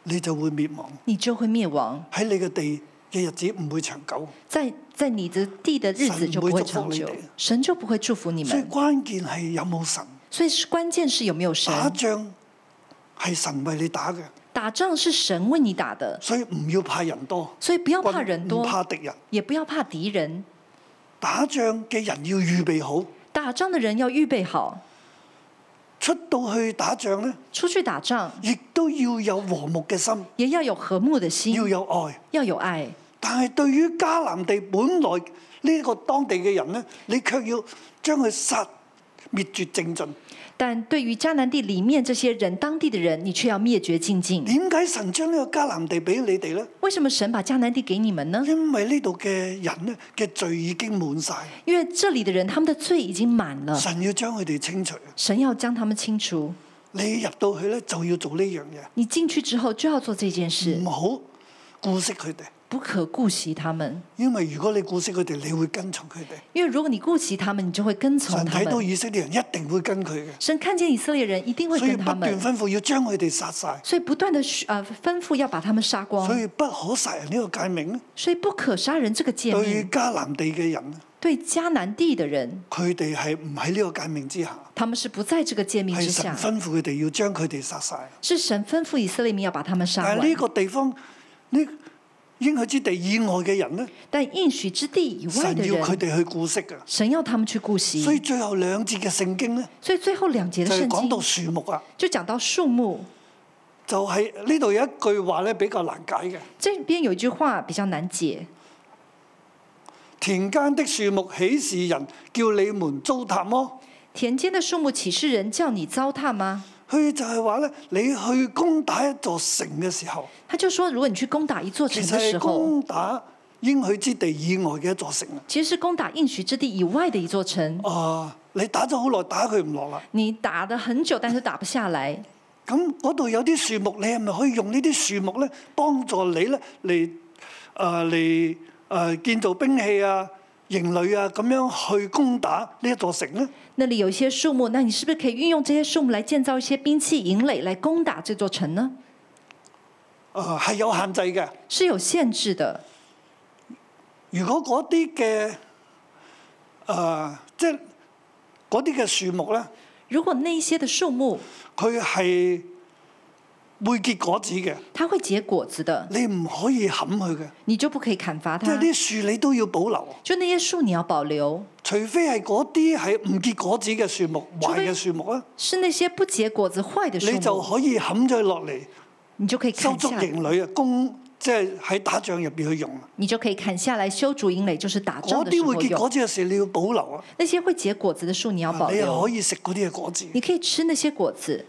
你就會滅亡，你就會滅亡。喺你嘅地嘅日子唔會長久，在。在你的地的日子就不會長久，神就不會祝福你們。所以關鍵係有冇神。所以是關鍵是有沒有神。打仗係神為你打嘅，打仗是神為你打的，所以唔要怕人多，所以不要怕人多，不怕敵人也不要怕敵人。打仗嘅人要預備好，打仗的人要預備好，出到去打仗呢，出去打仗亦都要有和睦嘅心，也要有和睦的心，要有愛，要有愛。但係對於迦南地本來呢，這個當地嘅人呢，你卻要將佢殺滅絕淨盡。但對於迦南地裏面這些人，當地嘅人，你卻要滅絕淨盡。點解神將呢個迦南地俾你哋呢？為什麼神把迦南地給你們呢？因為呢度嘅人呢嘅罪已經滿晒。因為這裏的人，他們的罪已經滿了。神要將佢哋清除。神要將他們清除。你入到去呢，就要做呢樣嘢。你進去之後就要做這件事，唔好顧惜佢哋。不可顧惜他們，因為如果你顧惜佢哋，你會跟從佢哋。因為如果你顧惜他們，你就會跟從他們。神睇到以色列人一定會跟佢嘅。神看見以色列人一定會跟他們。所以不斷吩咐要將佢哋殺晒。所以不斷地啊吩咐要把他們殺光。所以不可殺人呢個誡命咧，所以不可殺人這個誡命。對迦南地嘅人咧，對迦南地嘅人。佢哋係唔喺呢個誡命之下。他們是不在這個誡命之下。神吩咐佢哋要將佢哋殺晒。是神吩咐以色列人要把他們殺。但係呢個地方呢，這個應許之地以外嘅人呢，但應許之地以外嘅人，神要佢哋去顧惜嘅，神要他們去顧惜。所以最後兩節嘅聖經呢，所以最後兩節嘅聖經就講到樹木啊，就講到樹木，就係呢度有一句話咧比較難解嘅。這邊有一句話比較難解，田間的樹木豈是人叫你們糟蹋麼？田間的樹木豈是人叫你糟蹋嗎？佢就係話咧，你去攻打一座城嘅時候，他就說：如果你去攻打一座城嘅時候，其實係攻打應許之地以外嘅一座城。其實係攻打應許之地以外嘅一座城。哦、呃，你打咗好耐，打佢唔落啦。你打得很久，但是打不下來。咁嗰度有啲樹木，你係咪可以用樹呢啲樹木咧幫助你咧嚟？誒嚟誒建造兵器啊！營壘啊，咁樣去攻打呢一座城呢？那裡有一些樹木，那你是不是可以運用這些樹木來建造一些兵器、營壘來攻打這座城呢？啊、呃，係有限制嘅。是有限制的。如果嗰啲嘅，啊、呃，即係嗰啲嘅樹木咧，如果呢一些嘅樹木，佢係。會結果子嘅，它會結果子嘅。你唔可以砍佢嘅，你就不可以砍伐它。即係啲樹你都要保留。就那些樹你要保留，除非係嗰啲係唔結果子嘅樹木、壞嘅樹木啊。是那些不結果子壞的樹。你就可以砍咗落嚟，你就可以砍下來修築營壘啊，供即係喺打仗入邊去用。你就可以砍下來修築營壘，就是打仗嗰啲會結果子嘅樹你要保留啊。那些會結果子嘅樹你要保留，你又可以食嗰啲嘅果子，你可以吃那些果子。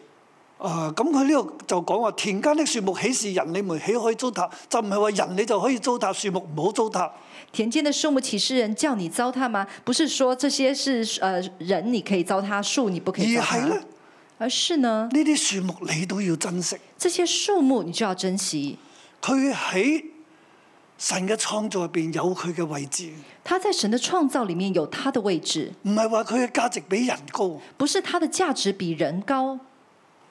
啊、呃，咁佢呢度就講話，田間的樹木豈是人，你們豈可以糟蹋？就唔係話人你就可以糟蹋，樹木唔好糟蹋。田間的樹木豈是人，叫你糟蹋嗎？不是說這些是，誒、呃、人你可以糟蹋，樹你不可以。而係咧，而是呢？是呢啲樹木你都要珍惜。這些樹木你就要珍惜。佢喺神嘅創造入邊有佢嘅位置。他在神嘅創造裏面有他的位置，唔係話佢嘅價值比人高。不是他的價值比人高。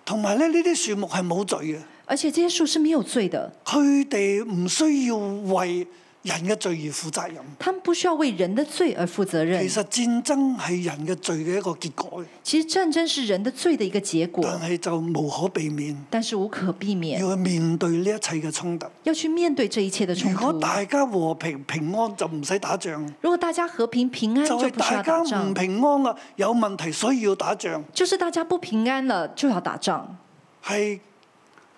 同埋咧，呢啲樹木係冇罪嘅。而且呢啲樹係冇罪嘅。佢哋唔需要為人嘅罪而負責任，他們不需要為人的罪而負責任。其實戰爭係人嘅罪嘅一個結果。其實戰爭是人的罪的一個結果，但係就無可避免。但是無可避免，要去面對呢一切嘅衝突。要去面對這一切嘅衝突。如果大家和平平安就唔使打仗。如果大家和平平安就、就是、大家唔平安啊。有問題，所以要打仗。就是大家不平安了就要打仗。係。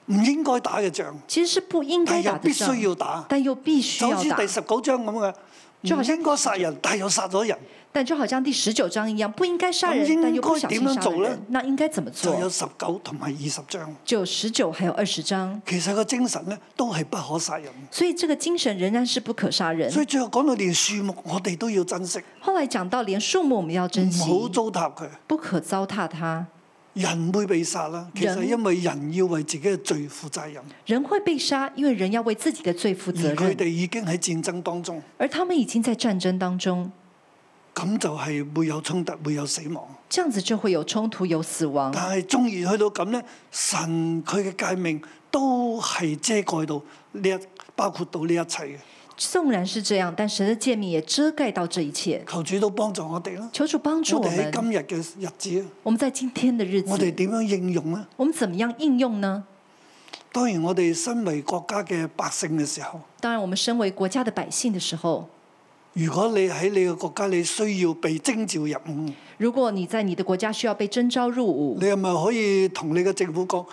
唔應該打嘅仗，其實是不應該打嘅仗，但又必須要打。但又必須要打。就好似第十九章咁嘅，唔應該殺人，但又殺咗人。但就好像第十九章一樣，不應該殺人，應該但又不小心殺人。咁應該點樣做呢？那應該怎麼做？仲有十九同埋二十章。就十九，還有二十章。其實個精神呢，都係不可殺人。所以這個精神仍然是不可殺人。所以最後講到連樹木，我哋都要珍惜。後來講到連樹木，我們要珍惜。唔好糟蹋佢。不可糟蹋他。人會被殺啦，其實因為人要為自己嘅罪負責任。人會被殺，因為人要為自己嘅罪負責。而佢哋已經喺戰爭當中。而他們已經在戰爭當中。咁就係會有衝突，會有死亡。這樣子就會有衝突，有死亡。但係終於去到咁呢，神佢嘅誡命都係遮蓋到呢一，包括到呢一切嘅。縱然是這樣，但神的誡命也遮蓋到這一切。求主都幫助我哋啦！求主幫助我哋今日嘅日子啦！我們在今天的日子，我哋點樣應用呢？我們怎麼樣應用呢？當然，我哋身為國家嘅百姓嘅時候，當然，我們身為國家嘅百姓嘅時候，如果你喺你嘅國家，你需要被徵召入伍。如果你在你的國家需要被徵召入伍，你係咪可以同你嘅政府講？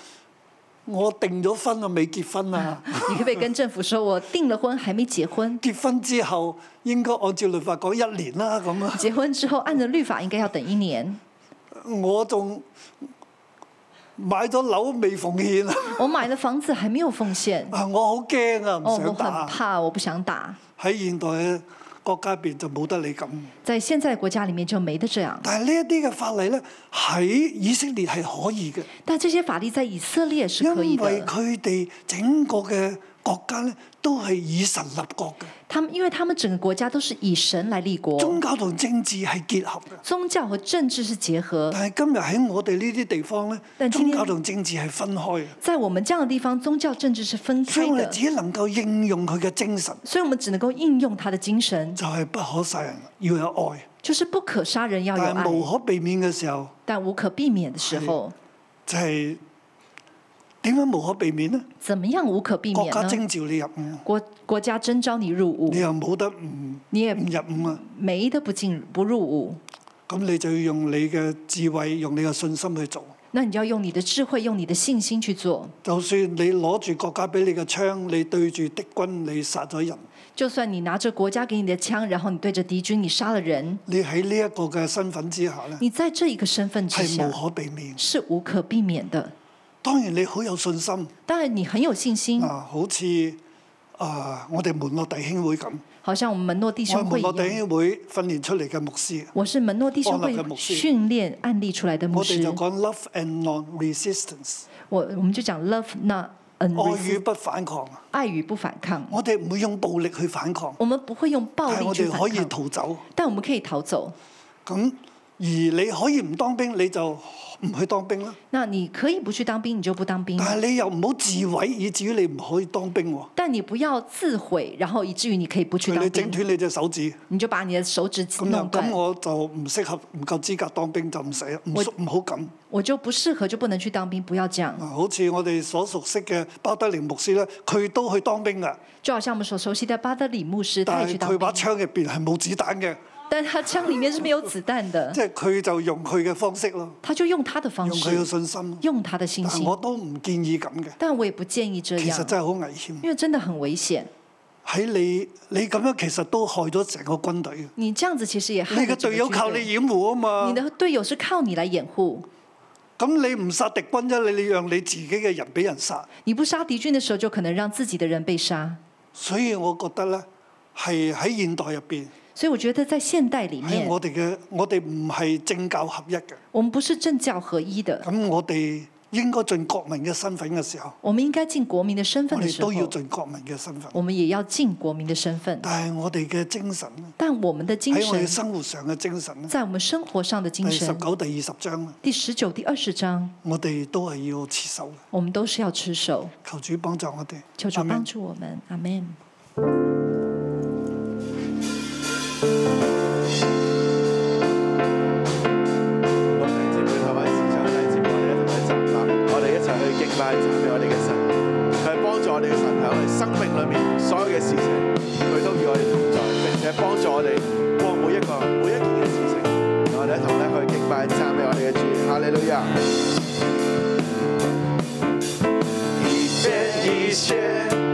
我定咗婚啊，未結婚了啊！你可唔可以跟政府說我訂了婚，還沒結婚？結婚之後應該按照律法講一年啦，咁啊！結婚之後按照律法應該要等一年。我仲買咗樓未奉獻啊！我買咗房子還沒有奉獻。奉獻 啊！我好驚啊！唔想打。哦，我很怕，我不想打。喺現代。國家邊就冇得你咁，在現在國家裡面就沒得這樣。但係呢一啲嘅法例咧，喺以色列係可以嘅。但這些法例在以色列是可以的。因為佢哋整個嘅。國家咧都係以神立國嘅。他們因為他們整個國家都是以神來立國，宗教同政治係結合嘅，宗教和政治是結合。但係今日喺我哋呢啲地方咧，宗教同政治係分開嘅。在我們這樣嘅地方，宗教政治是分開嘅。只能夠應用佢嘅精神，所以我們只能夠應用他的精神，就係、是、不可殺人，要有愛，就是不可殺人，要有愛。但無可避免嘅時候，但無可避免的時候，就係、是。點解無可避免呢？怎麼樣無可避免呢？國家徵召你入伍。國國家徵召你入伍。你又冇得唔？你又唔入伍啊？沒得不進不入伍。咁你就要用你嘅智慧，用你嘅信心去做。那你就要用你的智慧，用你的信心去做。去做，就算你攞住國家俾你嘅槍，你對住敵軍，你殺咗人。就算你拿着國家給你嘅槍，然後你對着敵軍，你殺了人。你喺呢一個嘅身份之下咧？你在這一個身份之下，係無可避免，是無可避免的。當然你好有信心，當然你很有信心。啊，好似啊，我哋門諾弟兄會咁，好像、呃、我們門諾弟兄會，喺門諾弟兄會訓練出嚟嘅牧師，我是門諾弟兄會訓練案例出來嘅牧師。我哋就講 love and non-resistance，我，我們就講 love，那愛與不反抗，愛與不反抗。我哋唔會用暴力去反抗，我們不會用暴力去反抗。我哋可以逃走，但我們可以逃走。咁而你可以唔當兵，你就。唔去當兵啦。那你可以不去當兵，你就不當兵了。但係你又唔好自毀、嗯，以至於你唔可以當兵喎、啊。但你不要自毀，然後以至於你可以不去當兵。斷你整斷你隻手指，你就把你的手指剪斷。咁我就唔適合，唔夠資格當兵就唔使啦，唔好咁。我就不適合就不能去當兵，不要這樣。好似我哋所熟悉嘅巴德里牧師咧，佢都去當兵嘅。就好像我們所熟悉的巴德里牧師，但係佢把槍入邊係冇子彈嘅。但他槍裏面是沒有子彈的。即係佢就用佢嘅方式咯。他就用他的方式。佢有信心。用他的信心。我都唔建議咁嘅。但我也不建議這樣。其實真係好危險。因為真的很危險。喺你，你咁樣其實都害咗成個軍隊。你這樣子其實也害個隊，你的隊友靠你掩護啊嘛。你的隊友是靠你來掩護。咁你唔殺敵軍啫，你，你讓你自己嘅人俾人殺。你不殺敵軍的時候，就可能讓自己的人被殺。所以我覺得呢，係喺現代入邊。所以我覺得在現代裏面，我哋嘅我哋唔係政教合一嘅。我們不是政教合一的。咁我哋應該盡國民嘅身份嘅時候，我們應該盡國民嘅身份嘅時候，我哋都要盡國民嘅身份。我們也要盡國民的身份。但係我哋嘅精神咧，但我們的精神喺我生活上嘅精神咧，在我們生活上的精神。第十九第二十章。第十九第二十章。我哋都係要持守嘅。我們都是要持守。求主幫助我哋，求主幫助我們，阿門。
我們接配合喺市場嘅節目，我哋一同去讚美，我哋一齊去敬拜，讚美我哋嘅神。佢係幫助我哋嘅神，喺我哋生命裏面所有嘅事情，佢都與我哋同在，並且幫助我哋過每一個每一件嘅事情。我哋一同咧，去敬拜，讚美我哋嘅主，哈利路亞。一切。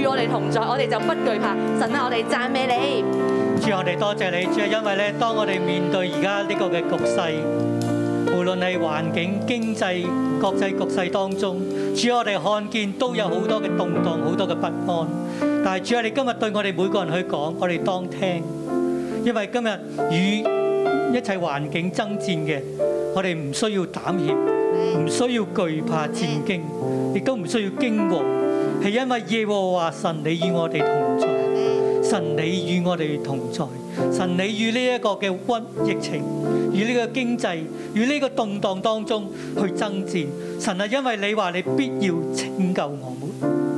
與我哋同在，我哋就不
懼怕。神啊，我哋讚美你。主，我哋多謝你。主，因為咧，當我哋面對而家呢個嘅局勢，無論係環境、經濟、國際局勢當中，主，我哋看見都有好多嘅動蕩，好多嘅不安。但係主，你今日對我哋每個人去講，我哋當聽。因為今日與一切環境爭戰嘅，我哋唔需要膽怯，唔需要懼怕戰驚，亦都唔需要驚惶。係因為耶和華神，你與我哋同在，神你與我哋同在，神你與呢一個嘅瘟疫情、與呢個經濟、與呢個動蕩當中去爭戰，神係因為你話你必要拯救我們。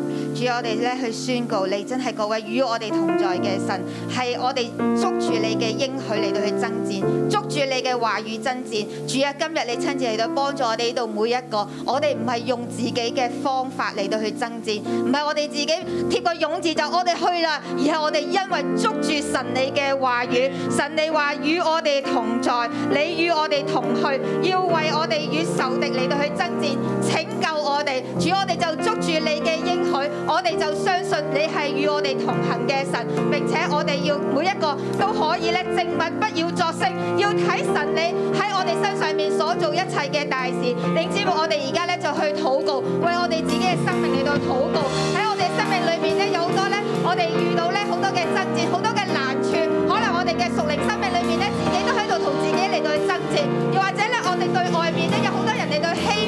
主我哋咧去宣告你，你真係各位與我哋同在嘅神，係我哋捉住你嘅應許嚟到去征戰，捉住你嘅話語征戰。主啊，今日你親自嚟到幫助我哋呢度每一個，我哋唔係用自己嘅方法嚟到去征戰，唔係我哋自己貼個勇字就我哋去啦。而係我哋因為捉住神你嘅話語，神你話與我哋同在，你與我哋同去，要為我哋與仇敵嚟到去征戰，拯救我哋。主我哋就捉住你嘅應許。我哋就相信你係與我哋同行嘅神，並且我哋要每一個都可以咧靜默，不要作聲，要睇神你喺我哋身上面所做一切嘅大事。令至我哋而家咧就去禱告，為我哋自己嘅生命嚟到禱告。喺我哋生命裏面咧，有好多咧，我哋遇到咧好多嘅掙扎，好多嘅難處，可能我哋嘅屬靈生命裏面咧，自己都喺度同自己嚟到掙扎，又或者咧，我哋對外面咧有好多人嚟到欺。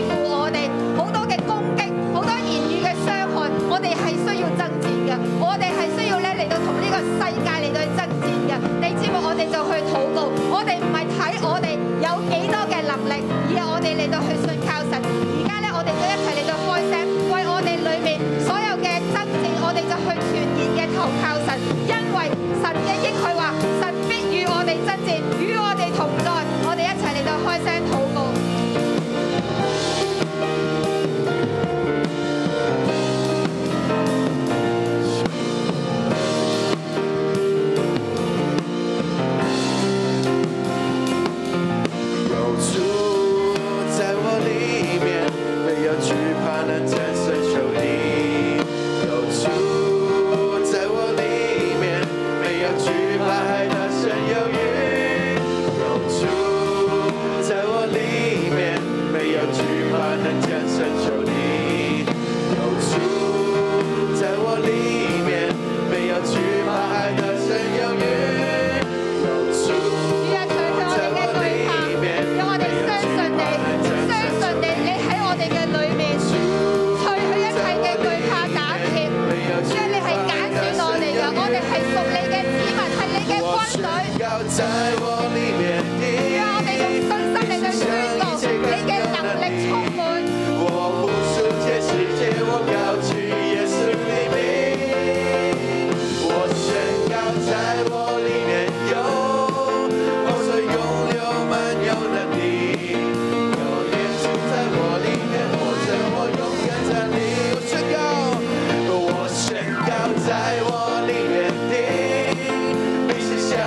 世界嚟到爭戰嘅，你知冇？我哋就去禱告，我哋唔係睇我哋有幾多嘅能力。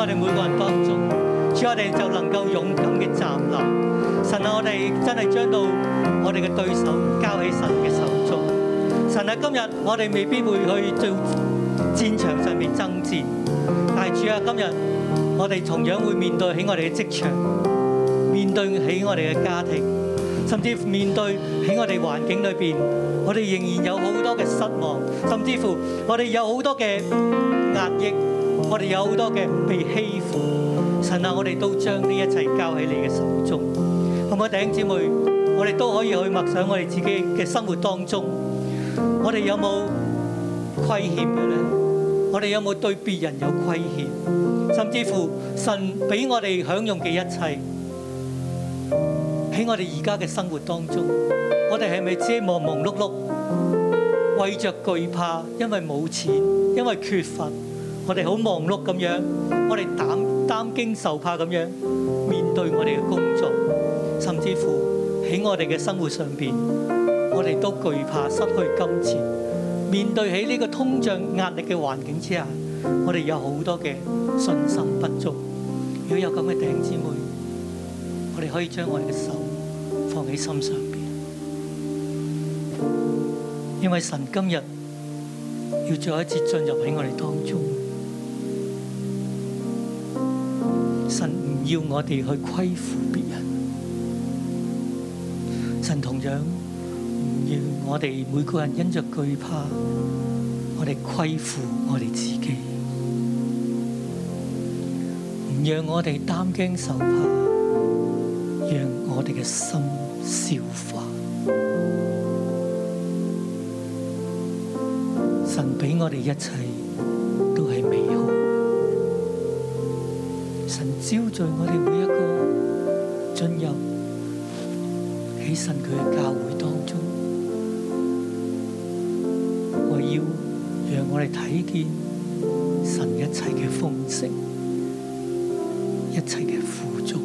我哋每個人幫助，主我哋就能夠勇敢嘅站立。神啊，我哋真係將到我哋嘅對手交喺神嘅手中。神啊，今日我哋未必會去做戰場上面爭戰，但係主啊，今日我哋同樣會面對喺我哋嘅職場，面對喺我哋嘅家庭，甚至面對喺我哋環境裏邊，我哋仍然有好多嘅失望，甚至乎我哋有好多嘅壓抑。我哋有好多嘅被欺負，神啊！我哋都將呢一切交喺你嘅手中。好唔好？弟兄姊妹，我哋都可以去默想我哋自己嘅生活當中，我哋有冇虧欠嘅咧？我哋有冇對別人有虧欠？甚至乎神俾我哋享用嘅一切，喺我哋而家嘅生活當中，我哋係咪遮望忙碌碌，為著懼怕，因為冇錢，因為缺乏？我哋好忙碌咁樣，我哋擔擔驚受怕咁樣面對我哋嘅工作，甚至乎喺我哋嘅生活上邊，我哋都懼怕失去金錢。面對起呢個通脹壓力嘅環境之下，我哋有好多嘅信心不足。如果有咁嘅弟兄姊妹，我哋可以將我哋嘅手放喺心上邊，因為神今日要再一次進入喺我哋當中。要我哋去虧負別人，神同樣唔要我哋每個人因着懼怕，我哋虧負我哋自己，唔讓我哋擔驚受怕，讓我哋嘅心消化，神俾我哋一切。神招聚我哋每一個進入起身佢嘅教會當中，我要讓我哋睇見神一切嘅豐盛，一切嘅富足。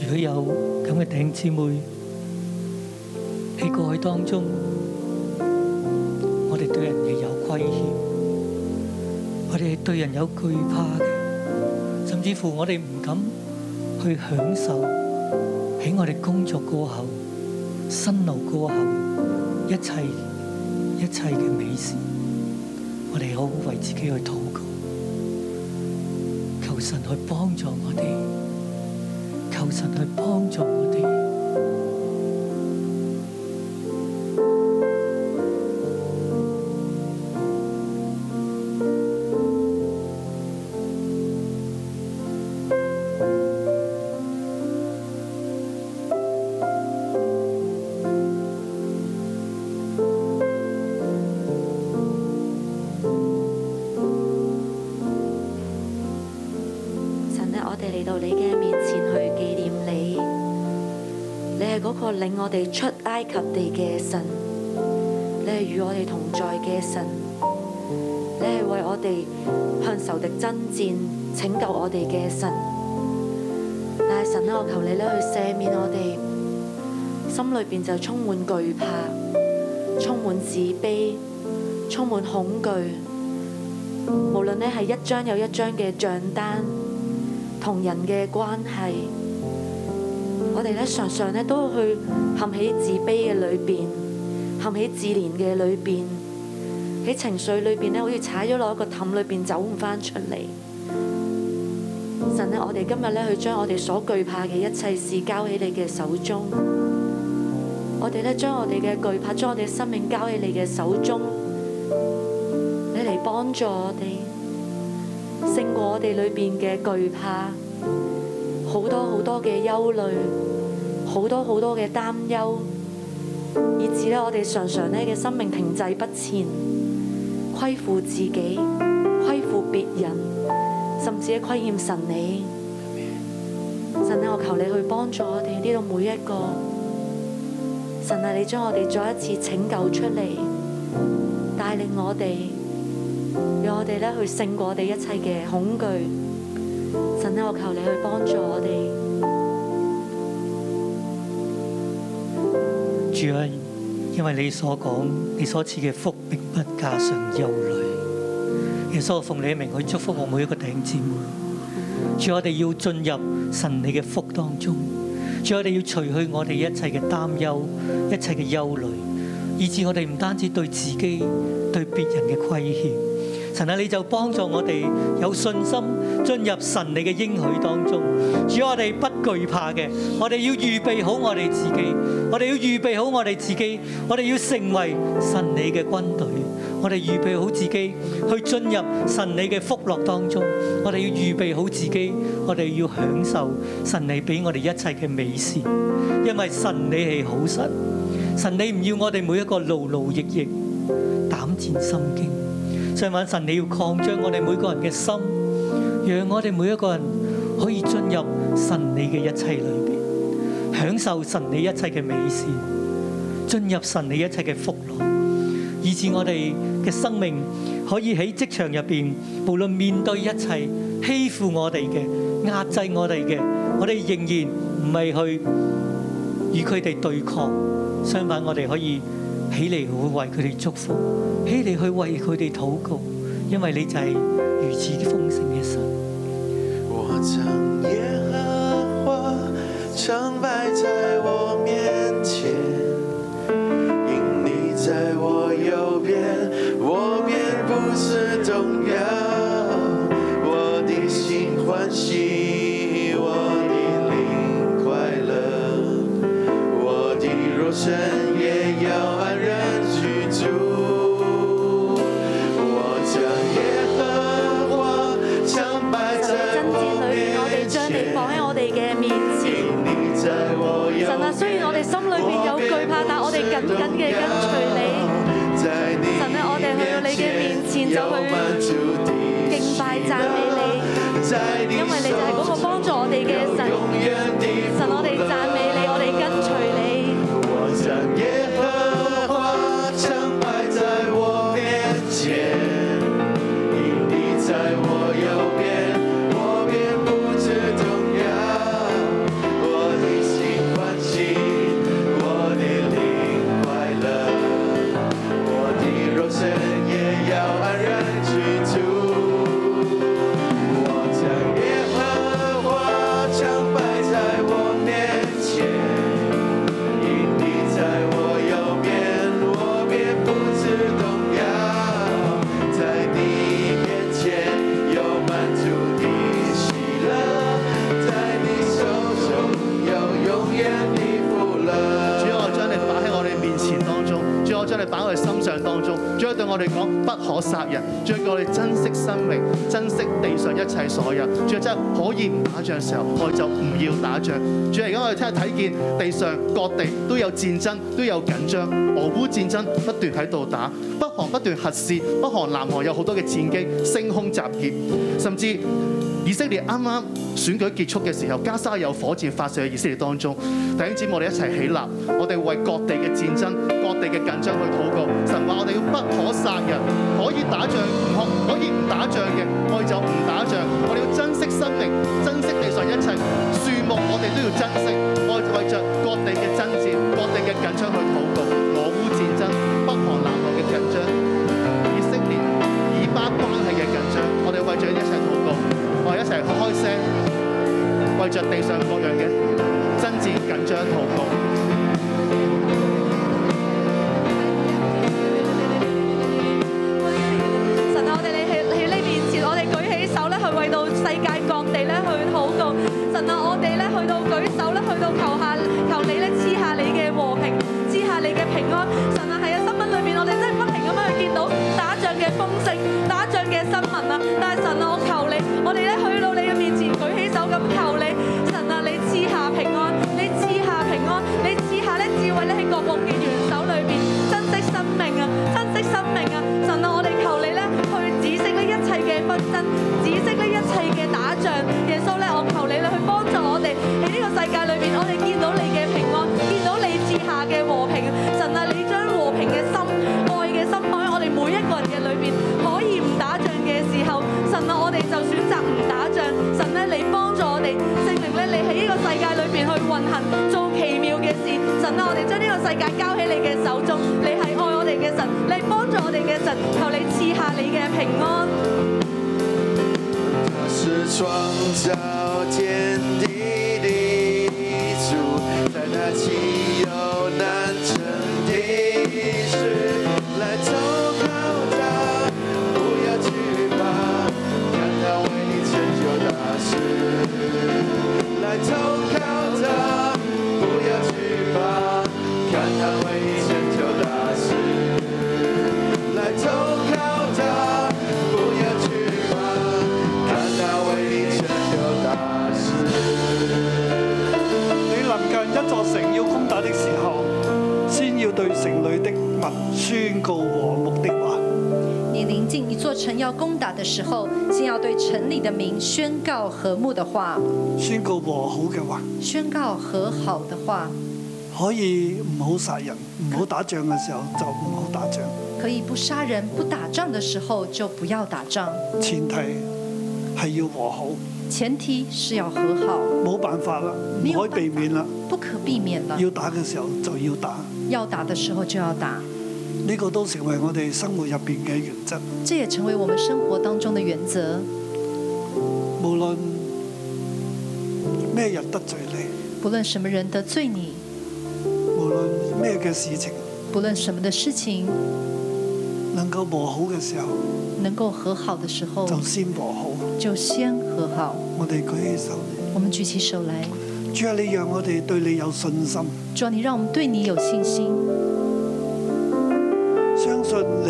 如果有咁嘅頂姊妹喺過去當中。對人有懼怕嘅，甚至乎我哋唔敢去享受喺我哋工作過後、辛勞過後一切一切嘅美事。我哋好好為自己去禱告，求神去幫助我哋，求神去幫助我哋。
我哋出埃及地嘅神，你係與我哋同在嘅神，你係為我哋向仇敵爭戰、拯救我哋嘅神。但係神咧，我求你咧去赦免我哋，心裏邊就充滿懼怕、充滿自卑、充滿恐懼。無論你係一張又一張嘅賬單，同人嘅關係。我哋咧常常咧都去陷喺自卑嘅裏邊，陷喺自憐嘅裏邊，喺情緒裏邊咧好似踩咗落一個氹裏邊，走唔翻出嚟。神呢，我哋今日咧，去將我哋所懼怕嘅一切事交喺你嘅手中。我哋咧將我哋嘅懼怕，將我哋嘅生命交喺你嘅手中，你嚟幫助我哋勝過我哋裏邊嘅懼怕，好多好多嘅憂慮，好多好多嘅擔憂，以致咧我哋常常咧嘅生命停滯不前，虧負自己，虧負別人，甚至係虧欠神你。神啊，我求你去幫助我哋呢度每一個。神啊，你將我哋再一次拯救出嚟，帶領我哋，讓我哋咧去勝過我哋一切嘅恐懼。神啊，我求你去幫助我哋。
主啊，因為你所講，你所賜嘅福，並不加上憂慮。耶穌，我奉你名去祝福我每一個弟兄姊妹。主，我哋要進入神你嘅福當中，主，我哋要除去我哋一切嘅擔憂、一切嘅憂慮，以致我哋唔單止對自己、對別人嘅虧欠。然後你就幫助我哋有信心進入神你嘅應許當中，使我哋不懼怕嘅。我哋要預備好我哋自己，我哋要預備好我哋自己，我哋要成為神你嘅軍隊。我哋預備好自己去進入神你嘅福樂當中，我哋要預備好自己，我哋要享受神你俾我哋一切嘅美事，因為神你係好神，神你唔要我哋每一個勞勞役役、膽戰心驚。相反神你要擴張我哋每個人嘅心，讓我哋每一個人可以進入神你嘅一切裏邊，享受神你一切嘅美善，進入神你一切嘅福樂，以至我哋嘅生命可以喺職場入面，無論面對一切欺負我哋嘅、壓制我哋嘅，我哋仍然唔係去與佢哋對抗，相反我哋可以，起嚟，會為佢哋祝福；起嚟去為佢哋禱告，因為你就係如此豐盛嘅神。
再叫我哋珍惜生命，珍惜地上一切所有。最後可以唔打仗嘅時候，我就唔要打仗。再而家我哋聽日睇見地上各地都有戰爭，都有緊張，俄烏戰爭不斷喺度打，北韓不斷核試，北韓南韓有好多嘅戰機升空集結，甚至以色列啱啱選舉結束嘅時候，加沙有火箭發射喺以色列當中。弟兄姊妹，我哋一齊起，起立，我哋為各地嘅戰爭。我哋嘅緊張去禱告，神話我哋要不可殺人，可以打仗唔可可以唔打仗嘅，我哋就唔打仗。我哋要珍惜生命，珍惜地上一切樹木，我哋都要珍惜。愛，為着各地嘅真。
宣告和睦的話，宣告和好嘅話，宣告和好的話，可以唔好殺人，唔好打仗嘅時候就唔好打仗。可以不殺人，不打仗嘅時候就不要打仗。前提係要和好，前提是要和好。冇辦法啦，唔可以避免啦，不可避免啦。要打嘅時候就要打，要打嘅時候就要打。呢個都成為我哋生活入邊嘅原則。這也成為我們生活當中的原則。無論咩人得罪你，不論什麼人得罪你，無論咩嘅事情，不論什麼的事情，能夠和好嘅時候，能夠和好的時候，就先和好，就先和好。我哋舉起手，我們舉起手來。主要你讓我哋對你有信心。主要你讓我們對你有信心。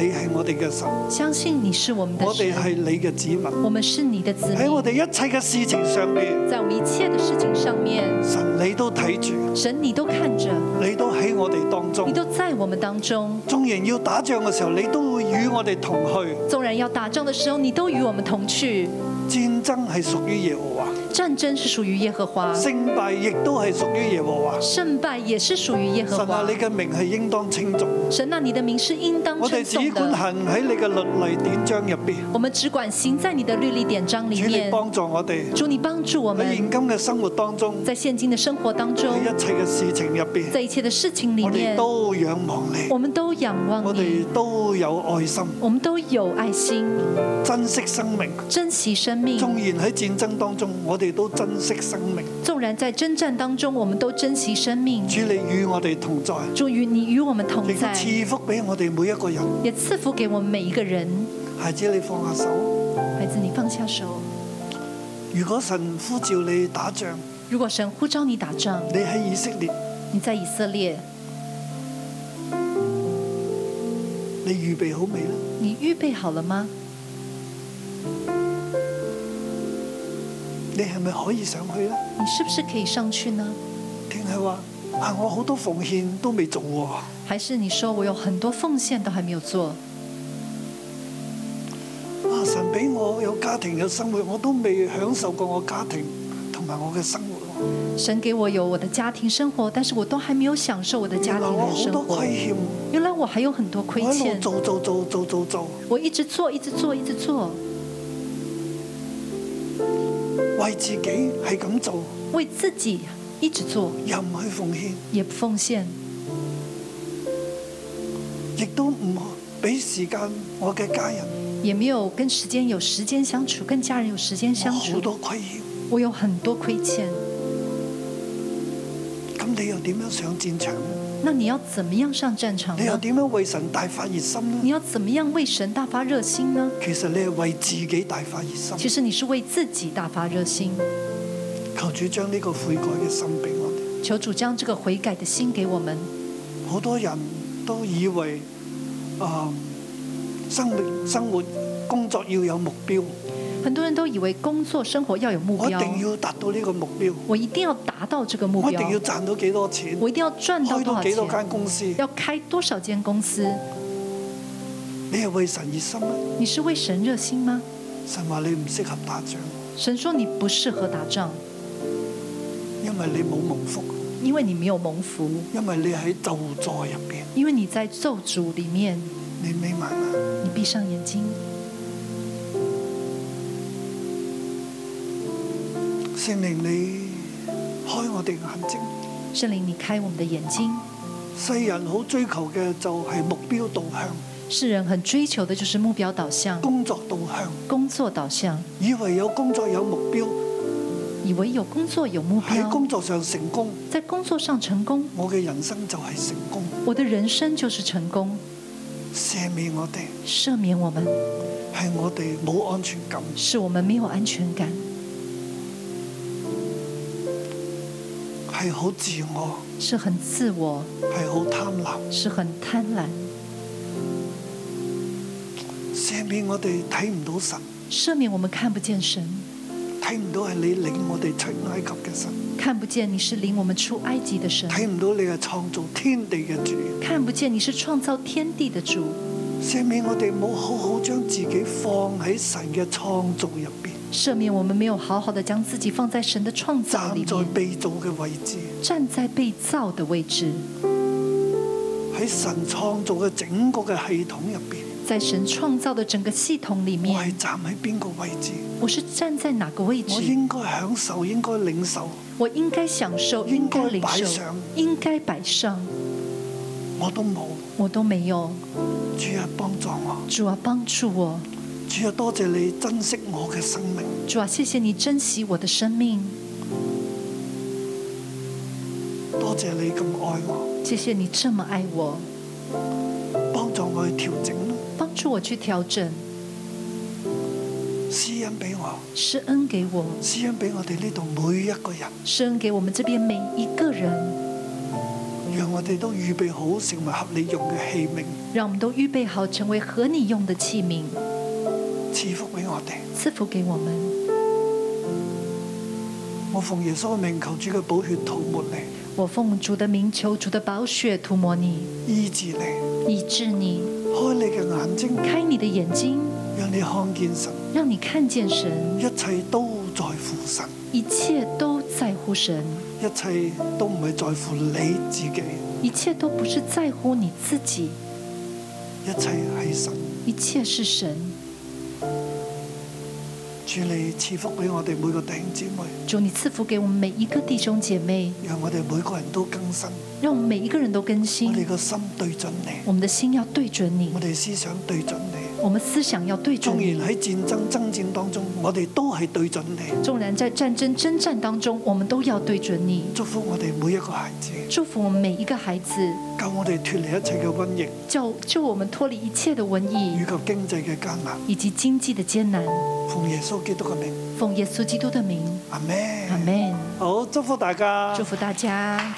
你係我哋嘅神，相信你是我們的神。我哋係你嘅子民，我們是你的子民。喺我哋一切嘅事情上面，在我們一切的事情上面，神你都睇住，神你都看着，你都喺我哋當中，你都在我們當中。眾人要打仗嘅時候，你都會與我哋同去。眾人要打仗嘅時候，你都與我們同去。戰爭係屬於耶和。戰爭是屬於耶和華，勝敗亦都係屬於耶和華，勝敗也是屬於耶和華。神啊，你嘅名係應當稱頌。神啊，你的名是應當稱頌的。我哋只管行喺你嘅律例典章入邊。我們只管行在你嘅律例典章裏面。主你幫助我哋，主你幫助我們。喺現今嘅生活當中，在現今的生活當中，喺一切嘅事情入邊，在一切嘅事情裏面，我哋都仰望你，我們都仰望你，我哋都有愛心，我們都有愛心，珍惜生命，珍惜生命，縱然喺戰爭當中，我。都珍惜生命，縱然在征戰當中，我們都珍惜生命。主你與我哋同在，主與你與我們同在，賜福俾我哋每一個人，也賜福給我們每一個人。孩子你放下手，孩子你放下手。如果神呼召你打仗，如果神呼召你打仗，你喺以色列，你在以色列，你預備好未？你預備好了嗎？你係咪可以上去咧？你是不是可以上去呢？聽佢話，啊，我好多奉獻都未做。還是你說我有很多奉獻都還沒有做？啊，神俾我有家庭有生活，我都未享受過我家庭同埋我嘅生活。神給我有我的家庭生活，但是我都還沒有享受我的家庭生活。原來我還有很多虧欠。原來我還有很多虧欠。做做做做做做，我一直做一直做
一直做。一直做一直做
為自己係咁做，為自己一直做，又唔去奉獻，也奉獻，亦都唔俾時間我嘅家人，也沒有跟時間有時間相處，跟家人有時間相處，好多虧欠，我有很多虧欠。咁你又點樣上戰場呢？那你要怎麼樣上戰場呢？你要點樣為神大發熱心呢？你要怎麼樣為神大發熱心呢？其實你係為自己大發熱心。其實你是為自己大發熱心。求主將呢個悔改嘅心俾我哋。求主將呢個悔改嘅心給我們。好多人都以為，啊、呃，生命、生活、工作要有目標。很多人都以為工作生活要有目標。一定要達到呢個目標。我一定要達到這個目標。一定要賺到幾多錢。我一定要賺到多少錢。開幾多間公司？要開多少間公司？你係為神熱心嗎？你是為神熱心嗎？神話你唔適合打仗。神說你不適合打仗，因為你冇蒙福。因為你沒有蒙福。因為你喺咒詛入邊。因為你在咒詛裏面。你閉上眼睛。聖靈你開我哋眼睛，聖靈你開我們的眼睛。世人好追求嘅就係目標導向，世人很追求的就是目標導向。工作導向，工作導向。以為有工作有目標，以為有工作有目標。喺工作上成功，在工作上成功。我嘅人生就係成功，我的人生就是成功。赦免我哋，赦免我們，係我哋冇安全感，是我們沒有安全感。係好自我，是很自我；係好貪婪，是很貪婪。赦免我哋睇唔到神，赦免我們看不見神；睇唔到係你領我哋出埃及嘅神，看不見你是領我們出埃及的神；睇唔到你係創造天地嘅主，看不見你是創造天地的主。赦免我哋冇好好將自己放喺神嘅創造入邊。赦免我們沒有好好的將自己放在神的創造裏。在被造的位置。站在被造的位置。喺神創造嘅整個嘅系統入邊。在神創造的整個系統裏面。我係站喺邊個位置？我是站在哪個位置？我應該享受，應該領受。我應該享受，應該領受。應該擺上，應該擺上。我都冇，我都沒有。主啊，幫助我！主啊，幫助我！主啊，多謝你珍惜我嘅生命。主啊，謝謝你珍惜我的生命。多謝你咁愛我。謝謝你這麼愛我，幫助我去調整咯。幫助我去調整。施恩俾我。施恩給我。施恩俾我哋呢度每一個人。施恩給我們這邊每一個人。讓我哋都預備好成為合你用嘅器皿。讓我們都預備好成為合你用的器皿。賜福俾我哋，賜福給我們。我奉耶穌嘅命，求主嘅寶血塗抹你。我奉主的名求主的寶血塗抹你，醫治你，醫治你，開你嘅眼睛，開你的眼睛，讓你看見神，讓你看見神，一切都在乎神，一切都在乎神，一切都唔係在乎你自己，一切都不是在乎你自己，一切係神，一切是神。主你賜福畀我哋每個弟兄姊妹，主你賜福給我們每一個弟兄姐妹，讓我哋每個人都更新，讓我們每一個人都更新，我哋嘅心對準你，我們的心要對準你，我哋思想對準你。我們思想要對準。縱然在戰爭征戰當中，我哋都係對準你。縱然在戰爭征戰當中，我們都要對準你。祝福我哋每一個孩子。祝福我們每一個孩子。救我哋脫離一切嘅瘟疫。救救我們脫離一切的瘟疫。以及經濟嘅艱難。以及經濟的艱難。奉耶穌基督嘅名。奉耶穌基督的名。阿門。阿門。好，祝福大家。祝福大家。